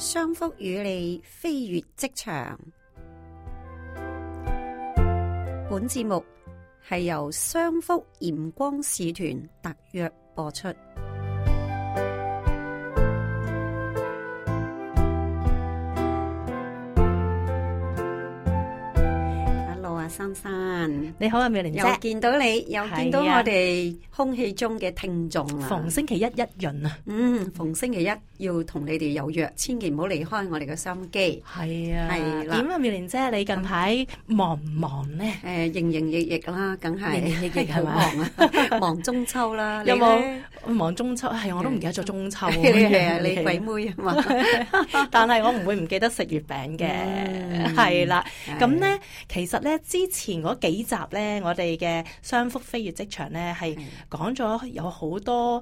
商福與你飛越職場，本節目係由商福鹽光使團特約播出。珊珊，你好啊，妙玲姐，又見到你，又見到我哋空氣中嘅聽眾啊！逢星期一一潤啊，嗯，逢星期一要同你哋有約，千祈唔好離開我哋嘅收音機，係啊，係啦。點啊，妙玲姐，你近排忙唔忙咧？誒，營營役役啦，梗係盈盈亦亦係咪忙啊？忙中秋啦，有冇忙中秋？係我都唔記得咗中秋，你係你鬼妹啊嘛？但係我唔會唔記得食月餅嘅，係啦。咁咧，其實咧之。之前嗰幾集呢，我哋嘅商福飛越職場呢，係講咗有好多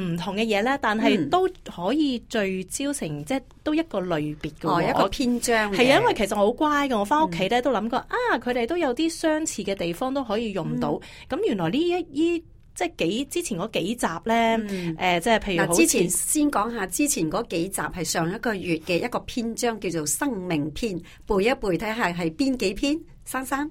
唔同嘅嘢啦，但係都可以聚焦成、嗯、即係都一個類別嘅、哦、我一個篇章係，因為其實我好乖嘅，我翻屋企呢，都諗過啊，佢哋都有啲相似嘅地方都可以用到。咁、嗯、原來呢一呢即係幾之前嗰幾集呢，誒、嗯，即係譬如，之前先講下之前嗰幾集係上一個月嘅一個篇章叫做《生命篇》，背一背睇下係邊幾篇？珊珊，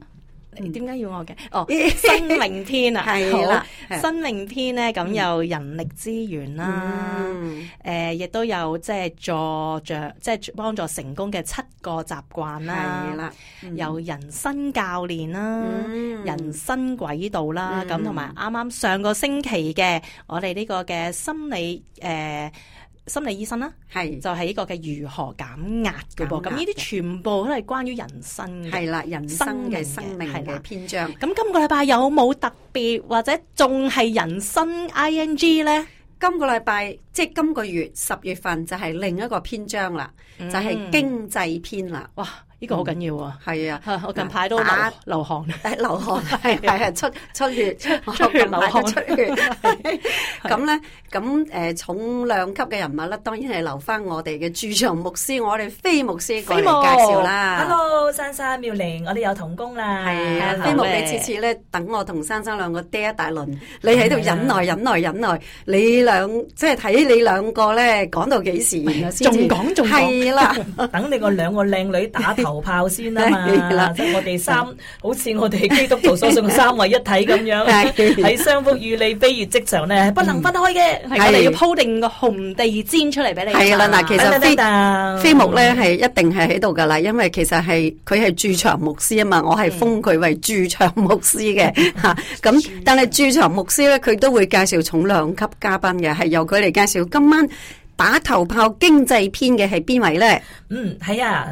你點解、嗯、要我嘅？哦，新明天啊，係啦，新明天咧咁、嗯、有人力資源啦，誒、嗯，亦、呃、都有即係助着，即係幫助成功嘅七個習慣啦，啦，嗯、有人生教練啦，嗯、人生軌道啦，咁同埋啱啱上個星期嘅我哋呢個嘅心理誒。呃心理醫生啦，係就係呢個嘅如何減壓嘅噃，咁呢啲全部都係關於人生嘅，係啦，人生嘅生命嘅篇章。咁今個禮拜有冇特別或者仲係人生 ing 呢？今個禮拜即係今個月十月份就係另一個篇章啦，就係經濟篇啦，哇！嗯！呢個好緊要喎！係啊，我近排都打，流汗，流汗係係係，出出血出血，流汗出血。咁咧，咁誒重量級嘅人物咧，當然係留翻我哋嘅駐場牧師，我哋飛牧師過嚟介紹啦。Hello，珊珊妙玲，我哋有同工啦。係啊，飛牧，你次次咧等我同珊珊兩個爹一大輪，你喺度忍耐忍耐忍耐，你兩即係睇你兩個咧講到幾時，仲講仲講係啦，等你個兩個靚女打頭炮先啦，嘛，的我哋三，的好似我哋基督徒所信三位一體咁樣，喺商福與你飛越職場咧，不能分開嘅，係的我哋要鋪定個紅地氈出嚟俾你。係啦，嗱，其實飛噔噔噔噔飛牧咧係一定係喺度噶啦，因為其實係佢係駐場牧師啊嘛，我係封佢為駐場牧師嘅吓。咁、嗯啊、但係駐場牧師咧，佢都會介紹重量級嘉賓嘅，係由佢嚟介紹。今晚打頭炮經濟篇嘅係邊位咧？嗯，係啊。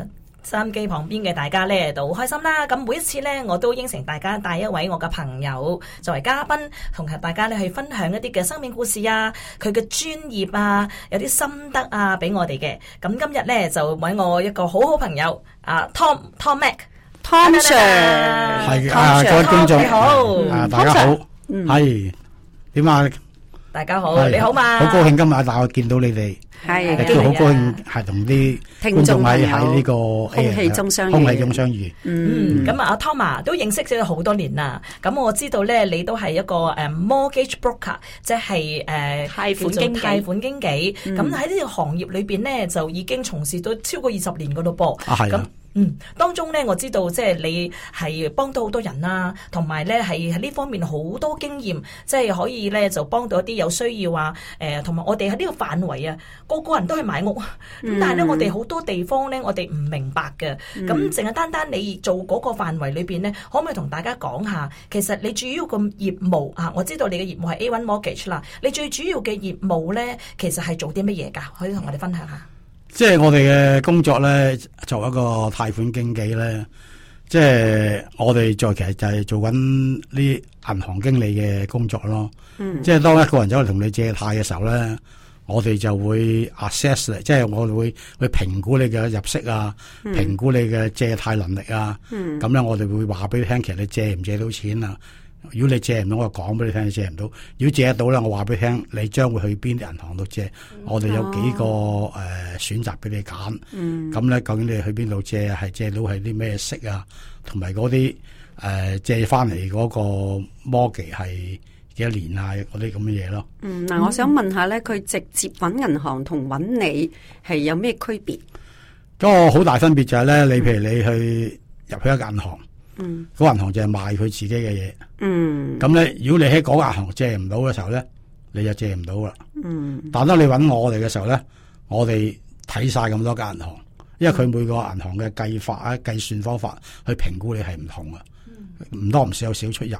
收音機旁邊嘅大家咧都好開心啦，咁每一次咧我都應承大家帶一位我嘅朋友作為嘉賓，同大家咧去分享一啲嘅生命故事啊，佢嘅專業啊，有啲心得啊，俾我哋嘅。咁今日咧就搵我一個好好朋友啊，Tom，Tom Mak，Tom Sir，係啊，再見再，啊啊 Sir，經，你好。嗯啊、大家好，係點啊？大家好，你好嘛！好高興今日大我見到你哋，亦好高興係同啲觀眾喺呢個空氣中相遇，空氣中相遇。嗯，咁啊，阿 Tom 啊都認識咗好多年啦。咁我知道咧，你都係一個誒 mortgage broker，即係誒貸款經貸款經紀。咁喺呢個行業裏邊咧，就已經從事到超過二十年噶咯噃。係嗯，當中咧我知道，即係你係幫到好多人啦、啊，同埋咧係喺呢是在這方面好多經驗，即係可以咧就幫到一啲有需要啊。誒、呃，同埋我哋喺呢個範圍啊，個個人都係買屋，咁但係咧我哋好多地方咧我哋唔明白嘅，咁淨係單單你做嗰個範圍裏邊咧，可唔可以同大家講下？其實你主要個業務啊，我知道你嘅業務係 A one mortgage 啦，你最主要嘅業務咧，其實係做啲乜嘢噶？可以同我哋分享下。即係我哋嘅工作咧，作為一個貸款經紀咧，即係我哋再其實就係做緊呢銀行經理嘅工作咯。嗯，即係當一個人走去同你借貸嘅時候咧，我哋就會 assess，即係我哋會去評估你嘅入息啊，嗯、評估你嘅借貸能力啊。嗯，咁咧我哋會話俾你聽，其實你借唔借到錢啊？如果你借唔到，我就講俾你聽；你借唔到，如果借得到咧，我話俾你聽，你將會去邊啲銀行度借？嗯、我哋有幾個誒、呃、選擇俾你揀。咁咧、嗯，究竟你去邊度借，係借到係啲咩息啊？同埋嗰啲誒借翻嚟嗰個 mortgage 係幾多年啊？嗰啲咁嘅嘢咯。嗯，嗱，我想問一下咧，佢、嗯、直接搵銀行同搵你係有咩區別？咁啊，好大分別就係咧，嗯、你譬如你去入去一個銀行。嗯、嗰銀行就係賣佢自己嘅嘢，咁咧、嗯、如果你喺嗰銀行借唔到嘅時候咧，你就借唔到啦。嗯、但當你揾我哋嘅時候咧，我哋睇晒咁多間銀行，因為佢每個銀行嘅計法啊、計算方法去評估你係唔同啊，唔多唔少有少出入。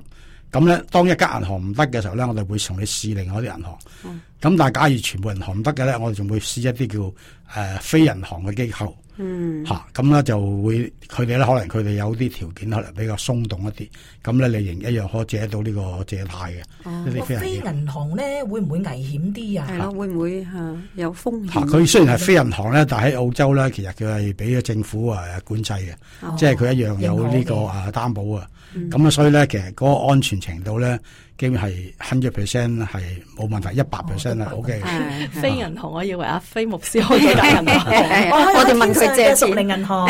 咁咧，當一間銀行唔得嘅時候咧，我哋會同你試另外一啲銀行。咁、嗯、但係假如全部銀行唔得嘅咧，我哋仲會試一啲叫誒、呃、非銀行嘅機構。嗯，吓咁咧就會，佢哋咧可能佢哋有啲條件可能比較鬆動一啲。咁咧你仍一樣可以借到呢個借貸嘅。哦、非銀行咧會唔會危險啲啊？係啦，會唔會吓有風險、啊？吓，佢雖然係非銀行咧，但係喺澳洲咧，其實佢係俾咗政府啊管制嘅，哦、即係佢一樣有呢個啊擔保啊。咁啊，嗯、所以咧，其實嗰個安全程度咧，基本係 hundred percent，係冇問題，一百 percent OK。哦嗯、OK 非銀行， 我以為阿飛牧師開咗銀行。 哦、我哋問佢借錢，非銀行。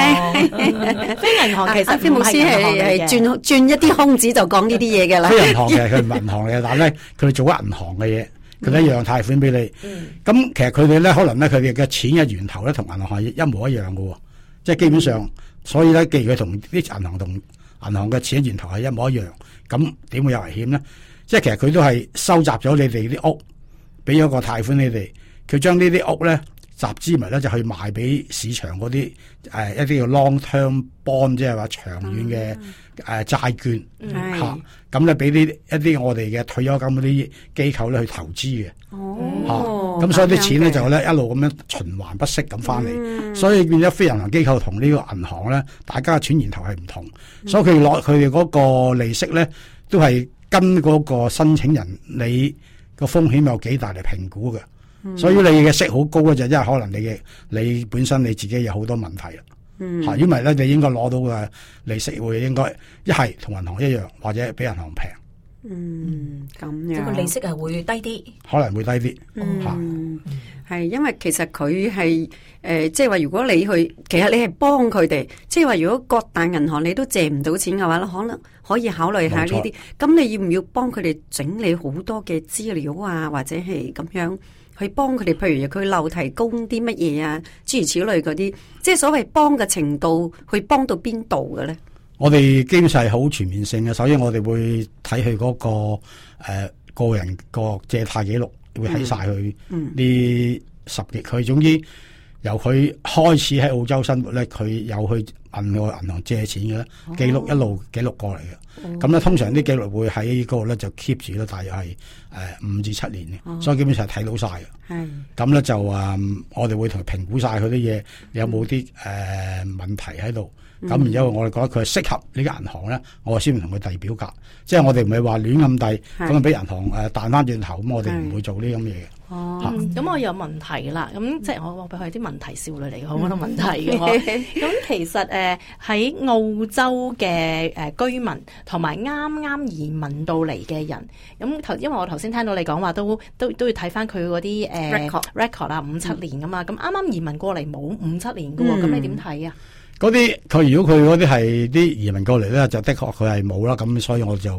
非銀行其實非牧師係係鑽一啲空子就講呢啲嘢嘅啦。 非銀行嘅佢唔銀行嘅，但係咧佢哋做咗銀行嘅嘢，佢一樣貸款俾你。咁、嗯嗯、其實佢哋咧，可能咧，佢哋嘅錢嘅源頭咧，同銀行係一模一樣噶。即、就、係、是、基本上，所以咧，既然佢同啲銀行同。銀行嘅錢源頭係一模一樣，咁點會有危險咧？即係其實佢都係收集咗你哋啲屋，俾咗個貸款你哋，佢將呢啲屋咧集資埋咧就去賣俾市場嗰啲誒一啲叫 long term bond 即係話長遠嘅誒、嗯啊、債券嚇，咁咧俾啲一啲我哋嘅退休金嗰啲機構咧去投資嘅。哦咁所以啲錢咧就咧一路咁樣循環不息咁返嚟，嗯、所以變咗非銀行機構同呢個銀行咧，大家嘅轉頭係唔同，嗯、所以佢攞佢嗰個利息咧，都係跟嗰個申請人你個風險有幾大嚟評估嘅，嗯、所以你嘅息好高咧就，因為可能你嘅你本身你自己有好多問題啦，吓，因為咧你應該攞到嘅利息會應該一係同銀行一樣，或者係比銀行平。嗯，咁樣個利息係會低啲，可能會低啲。吓，係因為其實佢係誒，即係話如果你去，其實你係幫佢哋，即係話如果各大銀行你都借唔到錢嘅話咧，可能可以考慮下呢啲。咁沒錯 你要唔要幫佢哋整理好多嘅資料啊，或者係咁樣去幫佢哋？譬如佢漏提供啲乜嘢啊，諸如此類嗰啲，即係所謂幫嘅程度，去幫到邊度嘅咧？我哋基本上係好全面性嘅，首先我哋會睇佢嗰個誒、呃、個人個借貸記錄，嗯、會睇晒佢呢十幾佢總之由佢開始喺澳洲生活咧，佢有去外銀行借錢嘅咧，記錄、哦、一路記錄過嚟嘅。咁咧、哦、通常啲記錄會喺嗰度咧就 keep 住咯，大約係誒五至七年嘅，哦、所以基本上係睇到晒嘅。咁咧、哦、就啊、嗯，我哋會同佢評估晒佢啲嘢，有冇啲誒問題喺度。咁，然之後我哋覺得佢適合呢個銀行咧，我先唔同佢遞表格。即係我哋唔係話亂咁遞，咁啊俾銀行誒彈翻轉頭，咁我哋唔會做呢啲咁嘢嘅。哦，咁我有問題啦。咁即係我我話俾佢啲問題少女嚟嘅，好多問題嘅。咁其實誒喺澳洲嘅誒居民同埋啱啱移民到嚟嘅人，咁頭因為我頭先聽到你講話，都都都要睇翻佢嗰啲誒 record record 啊，五七年噶嘛，咁啱啱移民過嚟冇五七年嘅喎，咁你點睇啊？嗰啲佢如果佢嗰啲係啲移民過嚟咧，就的確佢係冇啦，咁所以我就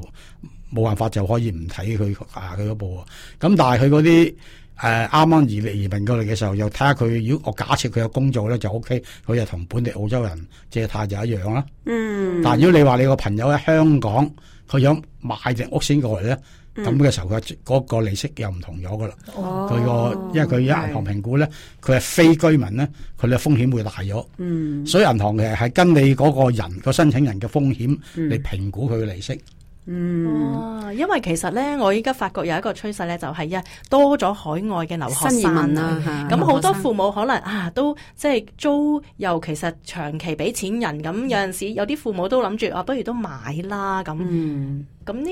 冇辦法就可以唔睇佢啊佢嗰部。咁但係佢嗰啲誒啱啱移移民過嚟嘅時候，又睇下佢。如果我假設佢有工作咧，就 OK。佢又同本地澳洲人借貸就一樣啦。嗯。但如果你話你個朋友喺香港，佢想買隻屋先過嚟咧。咁嘅時候，佢嗰個利息又唔同咗㗎喇。佢個、哦、因為佢一銀行評估咧，佢係是非居民咧，佢嘅風險會大咗。嗯、所以銀行其實係跟你嗰個人、個申請人嘅風險嚟評估佢嘅利息。嗯。嗯，因為其實咧，我依家發覺有一個趨勢咧，就係、是、一多咗海外嘅留學生，咁好、啊、多父母可能啊都即係租，又其實長期俾錢人，咁有陣時有啲父母都諗住啊，不如都買啦，咁，咁呢、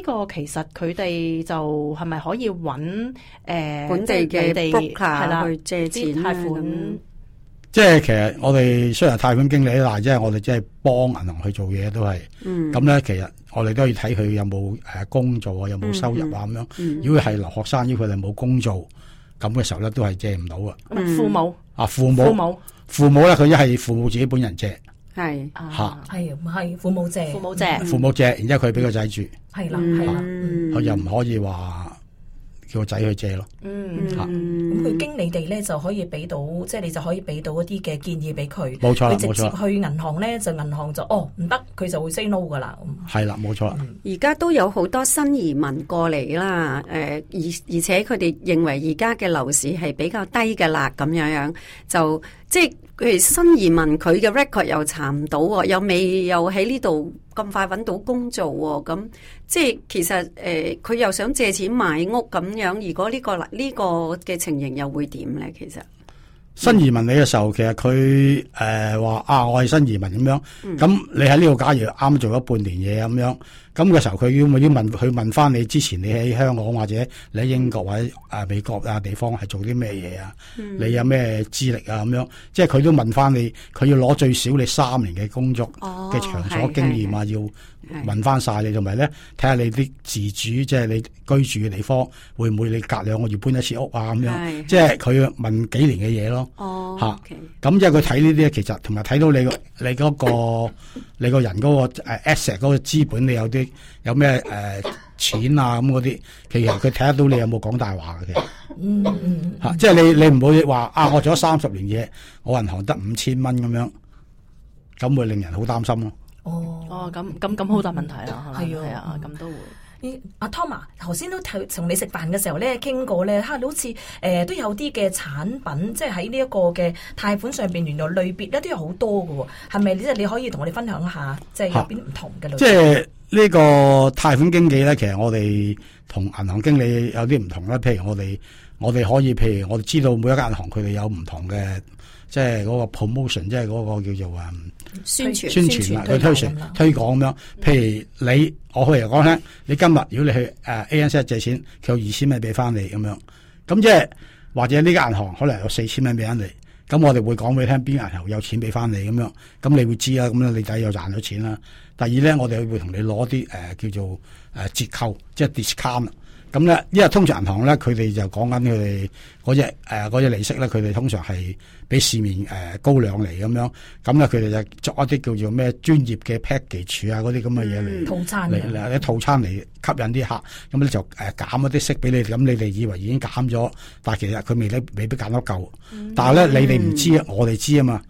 嗯、個其實佢哋就係咪可以揾誒、呃、本地嘅 broker、啊、的去借錢貸、啊、款？即係其實我哋雖然係貸款經理，但係即係我哋即係幫銀行去做嘢，都係、嗯。咁咧，其實我哋都要睇佢有冇誒工作啊，有冇收入啊咁、嗯、樣。如果係留學生，如果佢哋冇工作，咁嘅時候咧，都係借唔到嘅。嗯、父母啊，父母父母咧，佢一係父母自己本人借，係吓係唔係父母借，父母借，嗯、父母借，然之後佢俾個仔住，係啦係啦，佢又唔可以話。叫個仔去借咯，嗯，咁佢是、嗯、經理哋咧就可以俾到，即、就、係、是、你就可以俾到一啲嘅建議俾佢，冇錯，佢直接去銀行咧，就銀行就哦唔得，佢就會 say no 噶啦，係啦，冇錯。而家、嗯、都有好多新移民過嚟啦，誒、呃，而而且佢哋認為而家嘅樓市係比較低噶啦，咁樣樣就即係佢新移民，佢嘅 record 又查唔到、啊，又未又喺呢度。咁快揾到工做喎、啊，咁即係其實誒，佢、呃、又想借錢買屋咁樣。如果呢、呢個呢、呢個嘅情形又會點咧？其實新移民嚟嘅時候，其實佢誒話啊，我係新移民咁樣。咁、嗯、你喺呢度，假如啱做咗半年嘢咁樣。咁嘅時候，佢要咪要問佢問翻你之前你喺香港或者你喺英國或者啊美國啊地方係做啲咩嘢啊？嗯、你有咩資歷啊？咁樣，即係佢都問翻你，佢要攞最少你三年嘅工作嘅場所經驗啊，哦、要問翻晒你，同埋咧睇下你啲自主，即、就、係、是、你居住嘅地方，會唔會你隔兩個月搬一次屋啊？咁樣，是即係佢問幾年嘅嘢咯。嚇、哦，咁即係佢睇呢啲，其實同埋睇到你，你、嗰個你嗰、嗰個 你個人嗰、嗰個、uh, asset 嗰個資本，你有啲。有咩誒、呃、錢啊咁，嗰啲，其實佢睇得到你有冇講大話嘅，其實 嗯吓，嗯啊、即係你你唔會話啊，我做咗三十年嘢，我銀行得五千蚊咁樣，咁會令人好擔心咯、啊哦。哦哦，咁咁咁好大問題啦，係啊，係啊，咁都會。阿 Tom 頭先都同你食飯嘅時候咧，傾過咧，吓，好似誒、呃、都有啲嘅產品，即係喺呢一個嘅貸款上邊，原來類別咧都有好多嘅，係咪？你即係你可以同我哋分享下，即係有邊唔同嘅類。即係。這個泰呢個貸款經紀咧，其實我哋同銀行經理有啲唔同啦。譬如我哋，我哋可以，譬如我哋知道每一間銀行佢哋有唔同嘅，即係嗰個 promotion，即係嗰個叫做啊宣傳宣傳啊，去推傳推，推，推廣咁樣。譬如你，我可以嚟講咧，嗯、你今日如果你去誒 ANZ 借錢，佢有二千蚊俾翻你咁樣，咁即係或者呢間銀行可能有四千蚊俾翻你。咁我哋會講俾你聽，邊個銀行有錢俾翻你咁樣，咁你會知啦，咁樣你仔又賺咗錢啦。第二咧，我哋會同你攞啲誒叫做誒、呃、折扣，即係 discount。咁咧，因為通常銀行咧，佢哋就講緊佢哋嗰隻誒嗰隻利息咧，佢哋通常係比市面誒、呃、高兩厘咁樣。咁咧，佢哋就作一啲叫做咩專業嘅 package 啊，嗰啲咁嘅嘢嚟套餐嚟啲套餐嚟吸引啲客。咁咧就、呃、減嗰啲息俾你，咁你哋以為已經減咗，但係其實佢未未必減得夠。但係咧，嗯、你哋唔知，嗯、我哋知啊嘛。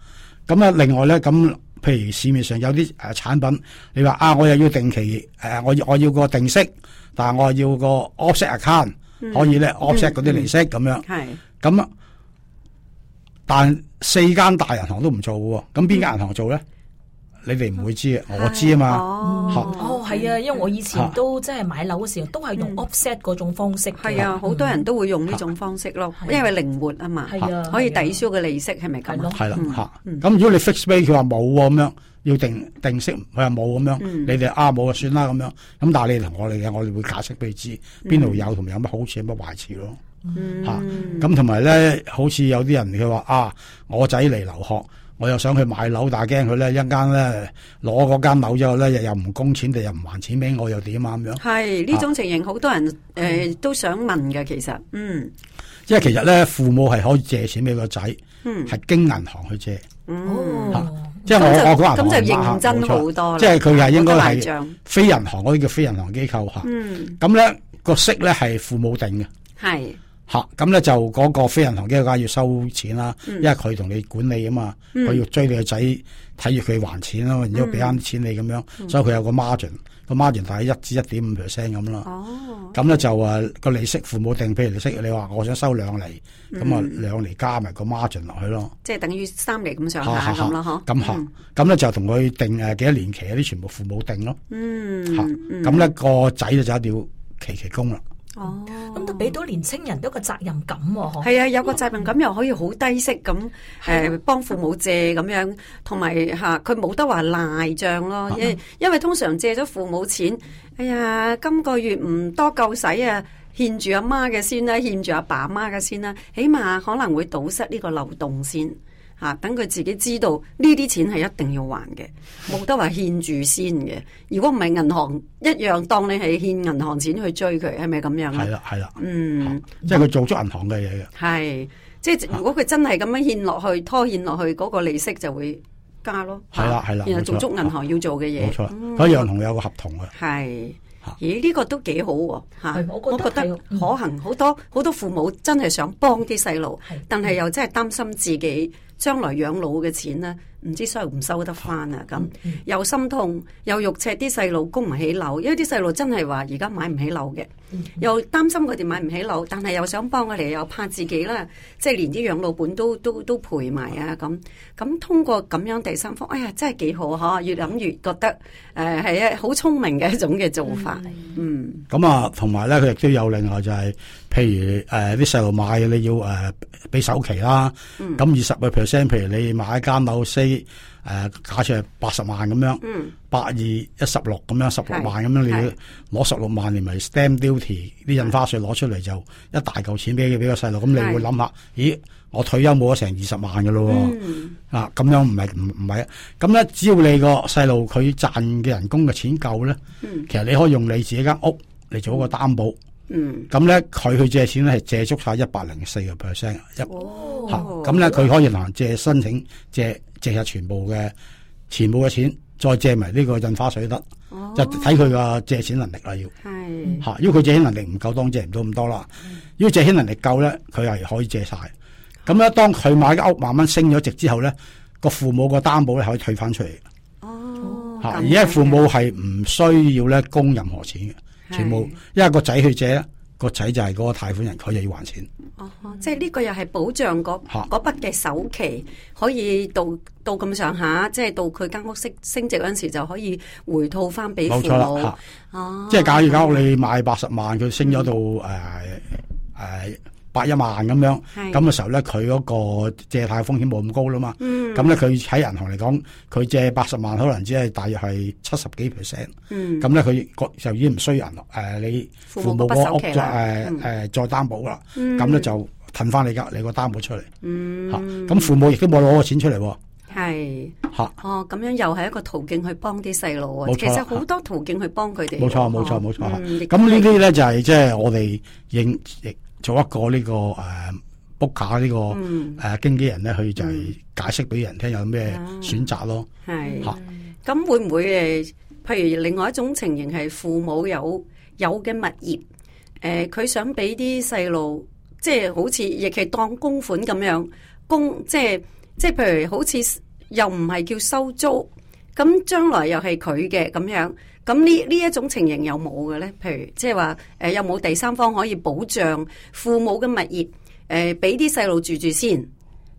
咁啊，另外咧咁。譬如市面上有啲誒產品，你話啊，我又要定期誒、啊，我要我要個定息，但我要個 offset account，嗯、可以咧 offset 嗰啲利息咁、嗯、樣。咁啊、嗯，但四間大銀行都唔做喎，咁邊間銀行做咧？嗯你哋唔會知，我知啊嘛。哦，係啊，因為我以前都即係買樓嘅時候，都係用 offset 嗰種方式。係啊，好多人都會用呢種方式咯，因為靈活啊嘛，可以抵消個利息，係咪咁啊？係啦，吓。咁如果你 fix rate 佢話冇咁樣，要定定息佢話冇咁樣，你哋啊冇啊算啦咁樣。咁但係你同我哋嘅，我哋會解釋俾你知邊度有，同埋有乜好處，有乜壞處咯。吓，咁同埋咧，好似有啲人佢話啊，我仔嚟留學。我又想去買樓打驚佢咧，一間咧攞嗰間樓之後咧，又又唔供錢，又唔還錢俾我，又點啊咁樣？係呢種情形，好多人誒都想問嘅，其實，嗯，即係其實咧，父母係可以借錢俾個仔，嗯，係經銀行去借，哦，即係我我咁就認真好多，冇錯，即係佢係應該係非銀行嗰啲叫非銀行機構吓，嗯，咁咧個息咧係父母定嘅，係。吓，咁咧 就嗰個非銀行機構要收錢啦，因為佢同你管理啊嘛，佢要追你個仔，睇住佢還錢咯，然之後俾啱啲錢你咁樣，嗯嗯、所以佢有個 margin，個 margin 大概一至一點五 percent 咁啦，哦，咁咧就話、啊、個、嗯、利息父母定，譬如你息，你話我想收兩厘，咁啊兩厘加埋個 margin 落去咯。即係等於三厘咁上下咁咯，咁 吓樂，咁咧、嗯、就同佢定誒幾多年期嗰啲全部父母定咯。嗯，吓，咁 咧樂、啊那個仔就就要期期供啦。哦，咁都俾到年青人，都個責任感喎。哦，係啊，有個責任感，又可以好低息咁，誒、嗯、幫、啊、父母借咁樣，同埋吓佢冇得話賴賬咯，因為、嗯、因為通常借咗父母錢，哎呀，今個月唔多夠使啊，欠住阿媽嘅先啦。啊，欠住阿爸阿媽嘅先啦。啊，起碼可能會堵塞呢個漏洞先。吓，等佢自己知道呢啲錢係一定要還嘅，冇得話欠住先嘅。如果唔係，銀行一樣當你係欠銀行錢去追佢，係咪咁樣啊？係啦，係啦，嗯，即係佢做足銀行嘅嘢嘅。係，即係如果佢真係咁樣欠落去，拖欠落去嗰個利息就會加咯。係啦，係啦，然後做足銀行要做嘅嘢，冇錯，一樣同你有個合同嘅。係，咦？呢個都幾好吓，我覺得可能好多好多父母真係想幫啲細路，但係又真係擔心自己將來養老嘅錢呢唔知收唔收得翻啊！咁、嗯、又心痛又肉赤，啲細路供唔起樓，因為啲細路真係話而家買唔起樓嘅，嗯、又擔心佢哋買唔起樓，但係又想幫佢哋，又怕自己啦，即係連啲養老本都都都賠埋啊！咁咁通過咁樣第三方，哎呀，真係幾好嗬！越諗越覺得誒係，呃、一好聰明嘅一種嘅做法。嗯，咁、嗯、啊，同埋咧佢亦都有另外就係，是，譬如誒啲細路買你要誒俾，呃、首期啦，咁二十個 percent，譬如你買一間樓啲誒、啊，假設係八十萬咁樣，八二一十六咁樣，十六萬咁樣，是你攞十六萬，你咪 Stamp Duty 啲印花稅攞出嚟就一大嚿錢俾俾個細路，咁是你會諗下，是咦，我退休冇咗成二十萬噶咯，嗯、啊，咁樣唔係唔唔係，咁咧只要你個細路佢賺嘅人工嘅錢夠咧，嗯、其實你可以用你自己間屋嚟做一個擔保。嗯嗯，咁咧佢去借錢咧係借足晒一百零四個 percent，一吓咁咧佢可以能借申請借借晒全部嘅全部嘅錢，再借埋呢個印花稅得，哦、就睇佢嘅借錢能力啦要，吓是，因為佢借錢能力唔夠當借唔到咁多啦，如果、嗯、借錢能力夠咧，佢係可以借晒。咁咧當佢買嘅屋慢慢升咗值之後咧，個父母個擔保咧可以退翻出嚟，吓而家父母係唔需要咧供任何錢嘅。是全部，因為個仔去借，個仔就係嗰個貸款人，佢又要還錢。哦，即係呢個又係保障嗰嗰筆嘅首期，是可以到到咁上下，即係到佢間屋息升值嗰陣時就可以回套翻俾父母。冇錯啦。哦，啊、即係假如間屋你買八十萬，佢的升咗到誒誒八一萬咁樣，咁嘅的時候咧，佢嗰個借貸風險冇咁高啦嘛。嗯咁咧，佢喺銀行嚟講，佢借八十萬，可能只係大約係七十幾 percent。咁咧，佢就已經唔需要人咯。你父母個屋誒再擔保啦。咁咧就騰翻你嘅你個擔保出嚟。嗯。咁父母亦都冇攞個錢出嚟。係。哦，咁樣又係一個途徑去幫啲細路喎。其實好多途徑去幫佢哋。冇錯，冇錯，冇錯。咁呢啲咧就係即係我哋應做一個呢個 book broker、er、呢個誒經紀人咧，去就係解釋俾人聽有咩選擇咯。係、嗯，咁是會唔會誒？譬如另外一種情形係父母有有嘅物業，誒、呃、佢想俾啲細路，即係好似亦係當供款咁樣供，即係即係譬如好似又唔係叫收租，咁將來又係佢嘅咁樣。咁呢呢一種情形有冇嘅咧？譬如即係話誒，有冇第三方可以保障父母嘅物業？誒，俾啲細路住住先，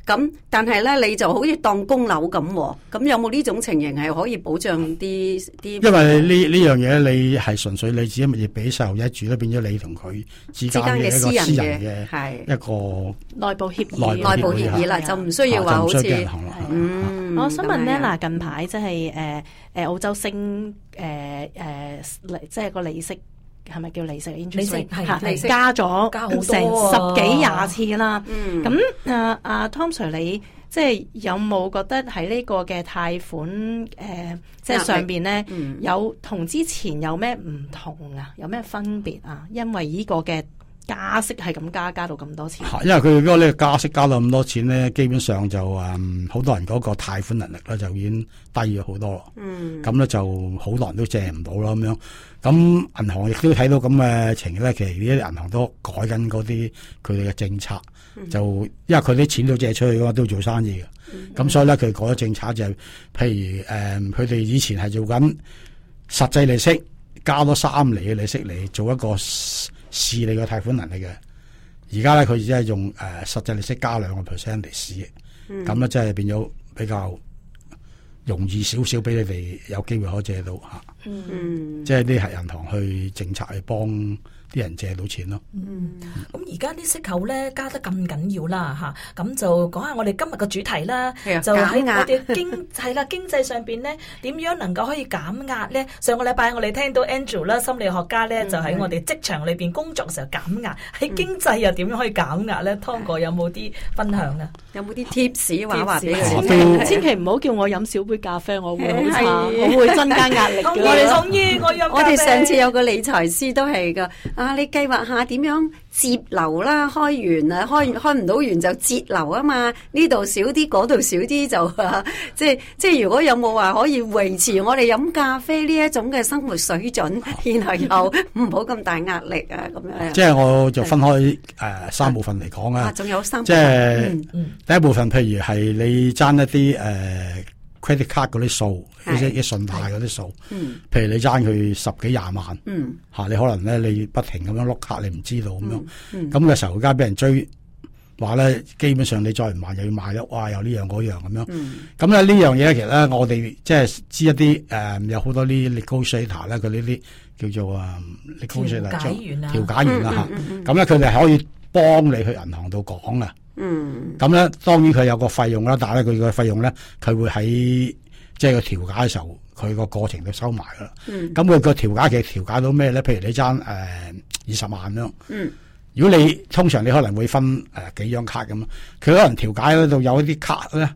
咁但係咧，你就好似當供樓咁喎，咁有冇呢種情形係可以保障啲啲？因為呢呢樣嘢，你係純粹你自己咪要俾細路仔住咯，變咗你同佢之間嘅私人嘅係一個內部協議，內部協議啦，就唔需要話好似嗯，我想問咧嗱，近排即係誒誒澳洲升誒誒即係個利息。係咪叫利息？利息利息加咗成十幾廿次啦、嗯。咁啊啊，Tom Sir 你即係有冇覺得喺呢個嘅貸款誒、呃，即係上邊咧、嗯、有同之前有咩唔同啊？有咩分別啊？因為呢個嘅。加息係咁加，加到咁多錢。因為佢如果呢個加息加到咁多錢咧，基本上就誒好、嗯、多人嗰個貸款能力咧就已經低咗好多。嗯，咁咧就好多人都借唔到啦咁樣。咁銀行亦都睇到咁嘅情形咧，其實啲銀行都改緊嗰啲佢哋嘅政策。就、嗯、因為佢啲錢都借出去嘅嘛，都要做生意嘅。咁、嗯嗯、所以咧，佢改咗政策就係，譬如誒，佢、嗯、哋以前係做緊實際利息加多三厘嘅利息嚟做一個。試你個貸款能力嘅，而家咧佢只係用誒、呃、實際利息加兩個 percent 嚟試，咁咧即係變咗比較容易少少俾你哋有機會可以借到吓，即係啲係銀行去政策去幫。啲人借到錢咯。嗯，咁而家啲息口咧加得咁緊要啦吓，咁就講下我哋今日嘅主題啦，就喺我哋經係啦經濟上邊咧點樣能夠可以減壓咧？上個禮拜我哋聽到 Angel 啦，心理學家咧，就喺我哋職場裏邊工作時候減壓，喺經濟又點樣可以減壓咧？湯哥有冇啲分享啊？有冇啲貼士話話俾佢？千祈唔好叫我飲少杯咖啡，我會好差，我會增加壓力。我哋上次有個理財師都係噶。啊！你計劃下點樣節流啦？開源,開開源啊，開開唔到源就節流啊嘛！呢度少啲，嗰度少啲就，即係即係如果有冇話可以維持我哋飲咖啡呢一種嘅生活水準，然後又唔好咁大壓力啊咁樣。 啊、即係我就分開誒、呃、三部分嚟講啊，仲有三，即係第一部分，譬如係你爭一啲誒。呃 credit card 嗰啲數，啲啲信貸嗰啲數，數譬如你爭佢十幾廿萬，吓、嗯啊、你可能咧你不停咁樣碌卡，你唔知道咁樣，咁嘅、嗯嗯、時候而家俾人追話咧，基本上你再唔還又要賣啦，哇又呢樣嗰樣咁樣，咁咧、嗯嗯、呢樣嘢咧其實咧我哋即係知一啲誒、呃，有好多啲 negotiator 咧佢呢啲叫做啊，調解員啊，調解員、嗯嗯嗯、啊吓，咁咧佢哋係可以幫你去銀行度講啊。嗯，咁咧，當然佢有個費用啦，但係佢個費用咧，佢會喺即係個調解嘅時候，佢個過程就收埋噶啦。咁佢、嗯、個調解期調解到咩咧？譬如你爭誒二十萬咁嗯，如果你通常你可能會分誒、呃、幾張卡咁，佢可能調解嗰度有一啲卡咧，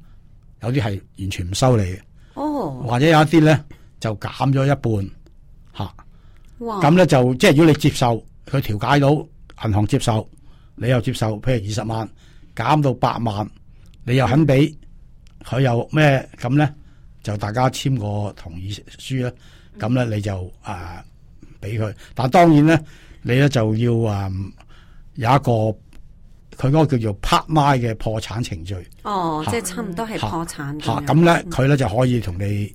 有啲係完全唔收你嘅。哦，或者有一啲咧就減咗一半吓。哇、啊，咁咧、哦、就即係如果你接受佢調解到銀行接受，你又接受，譬如二十萬。減到百萬，你又肯俾，佢又咩咁咧？就大家簽個同意書啦，咁咧你就、嗯、啊俾佢。但當然咧，你咧就要啊、嗯、有一個佢嗰個叫做 part buy 嘅破產程序。哦，即係差唔多係破產是。吓咁咧，佢咧就可以同你誒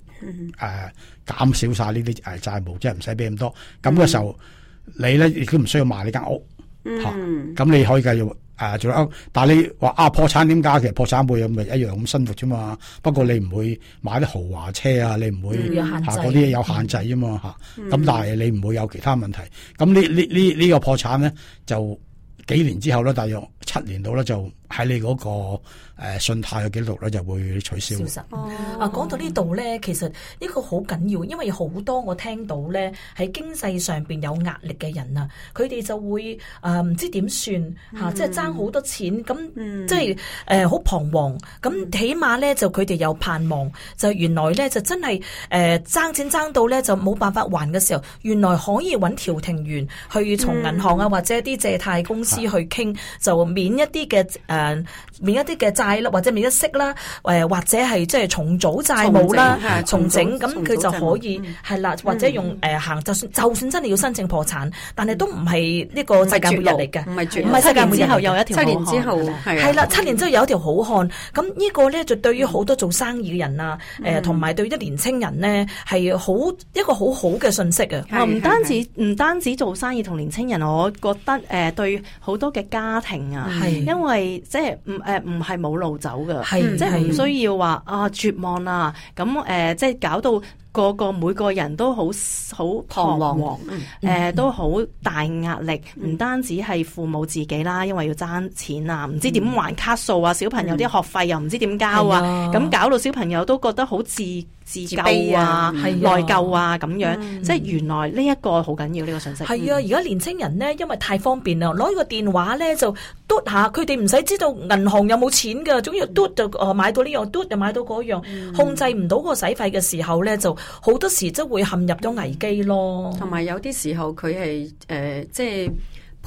減、啊、少晒呢啲誒債務，即係唔使俾咁多。咁嘅、嗯、時候，你咧亦都唔需要賣呢間屋。吓咁、嗯，啊、你可以繼續。誒，仲有、啊，但你話啊，破產點解？其實破產冇嘢，咪一樣咁辛苦啫嘛。不過你唔會買啲豪華車啊，你唔會限嗰啲有限制啊限制嘛咁，嗯啊、但係你唔會有其他問題。咁呢呢呢呢個破產咧，就幾年之後咧，大約七年度咧，就喺你嗰、那個，誒，信貸嘅記錄咧就會取消。消失。Oh. 啊，講到呢度咧，其實呢個好緊要，因為好多我聽到咧喺經濟上邊有壓力嘅人啊，佢哋就會誒唔、呃、知點算嚇，啊 mm. 即係爭好多錢，咁、mm. 即係誒好彷徨。咁起碼咧就佢哋有盼望，就原來咧就真係誒爭錢爭到咧就冇辦法還嘅時候，原來可以揾調停員去從銀行啊或者啲借貸公司去傾，mm. 的就免一啲嘅誒免一啲嘅係啦，或者未一息啦，誒，或者係即係重組債務啦，重整，咁佢就可以係啦，或者用誒行，就算就算真係要申請破產，但係都唔係呢個世界末日嚟嘅，唔係絕，唔係世界末日之後又一條，七年之後係啦，七年之後有一條好漢，咁呢個咧就對於好多做生意嘅人啊，誒，同埋對於年輕人呢係好一個好好嘅信息啊！唔單止唔單止做生意同年青人，我覺得誒對好多嘅家庭啊，因為即係唔誒唔係冇。路走㗎，即係唔需要話啊絕望啦，咁誒，即係搞到個個每個人都好好彷徨，誒，都好大壓力。唔、嗯、單止係父母自己啦，因為要爭錢啊，唔知點還卡數啊，嗯、小朋友啲學費又唔知點交啊，咁、嗯啊、搞到小朋友都覺得好自。自卑啊，內、啊啊、疚啊，咁樣，嗯、即係原來呢一個好緊要呢、這個信息。係啊，而家、嗯、年青人呢，因為太方便啦，攞個電話呢，就嘟下，佢哋唔使知道銀行有冇錢噶，總要嘟就哦買到呢樣，嘟就買到嗰、這、樣、個，那個嗯、控制唔到個使費嘅時候呢，就好多時則會陷入咗危機咯。同埋有啲時候佢係誒即係。呃就是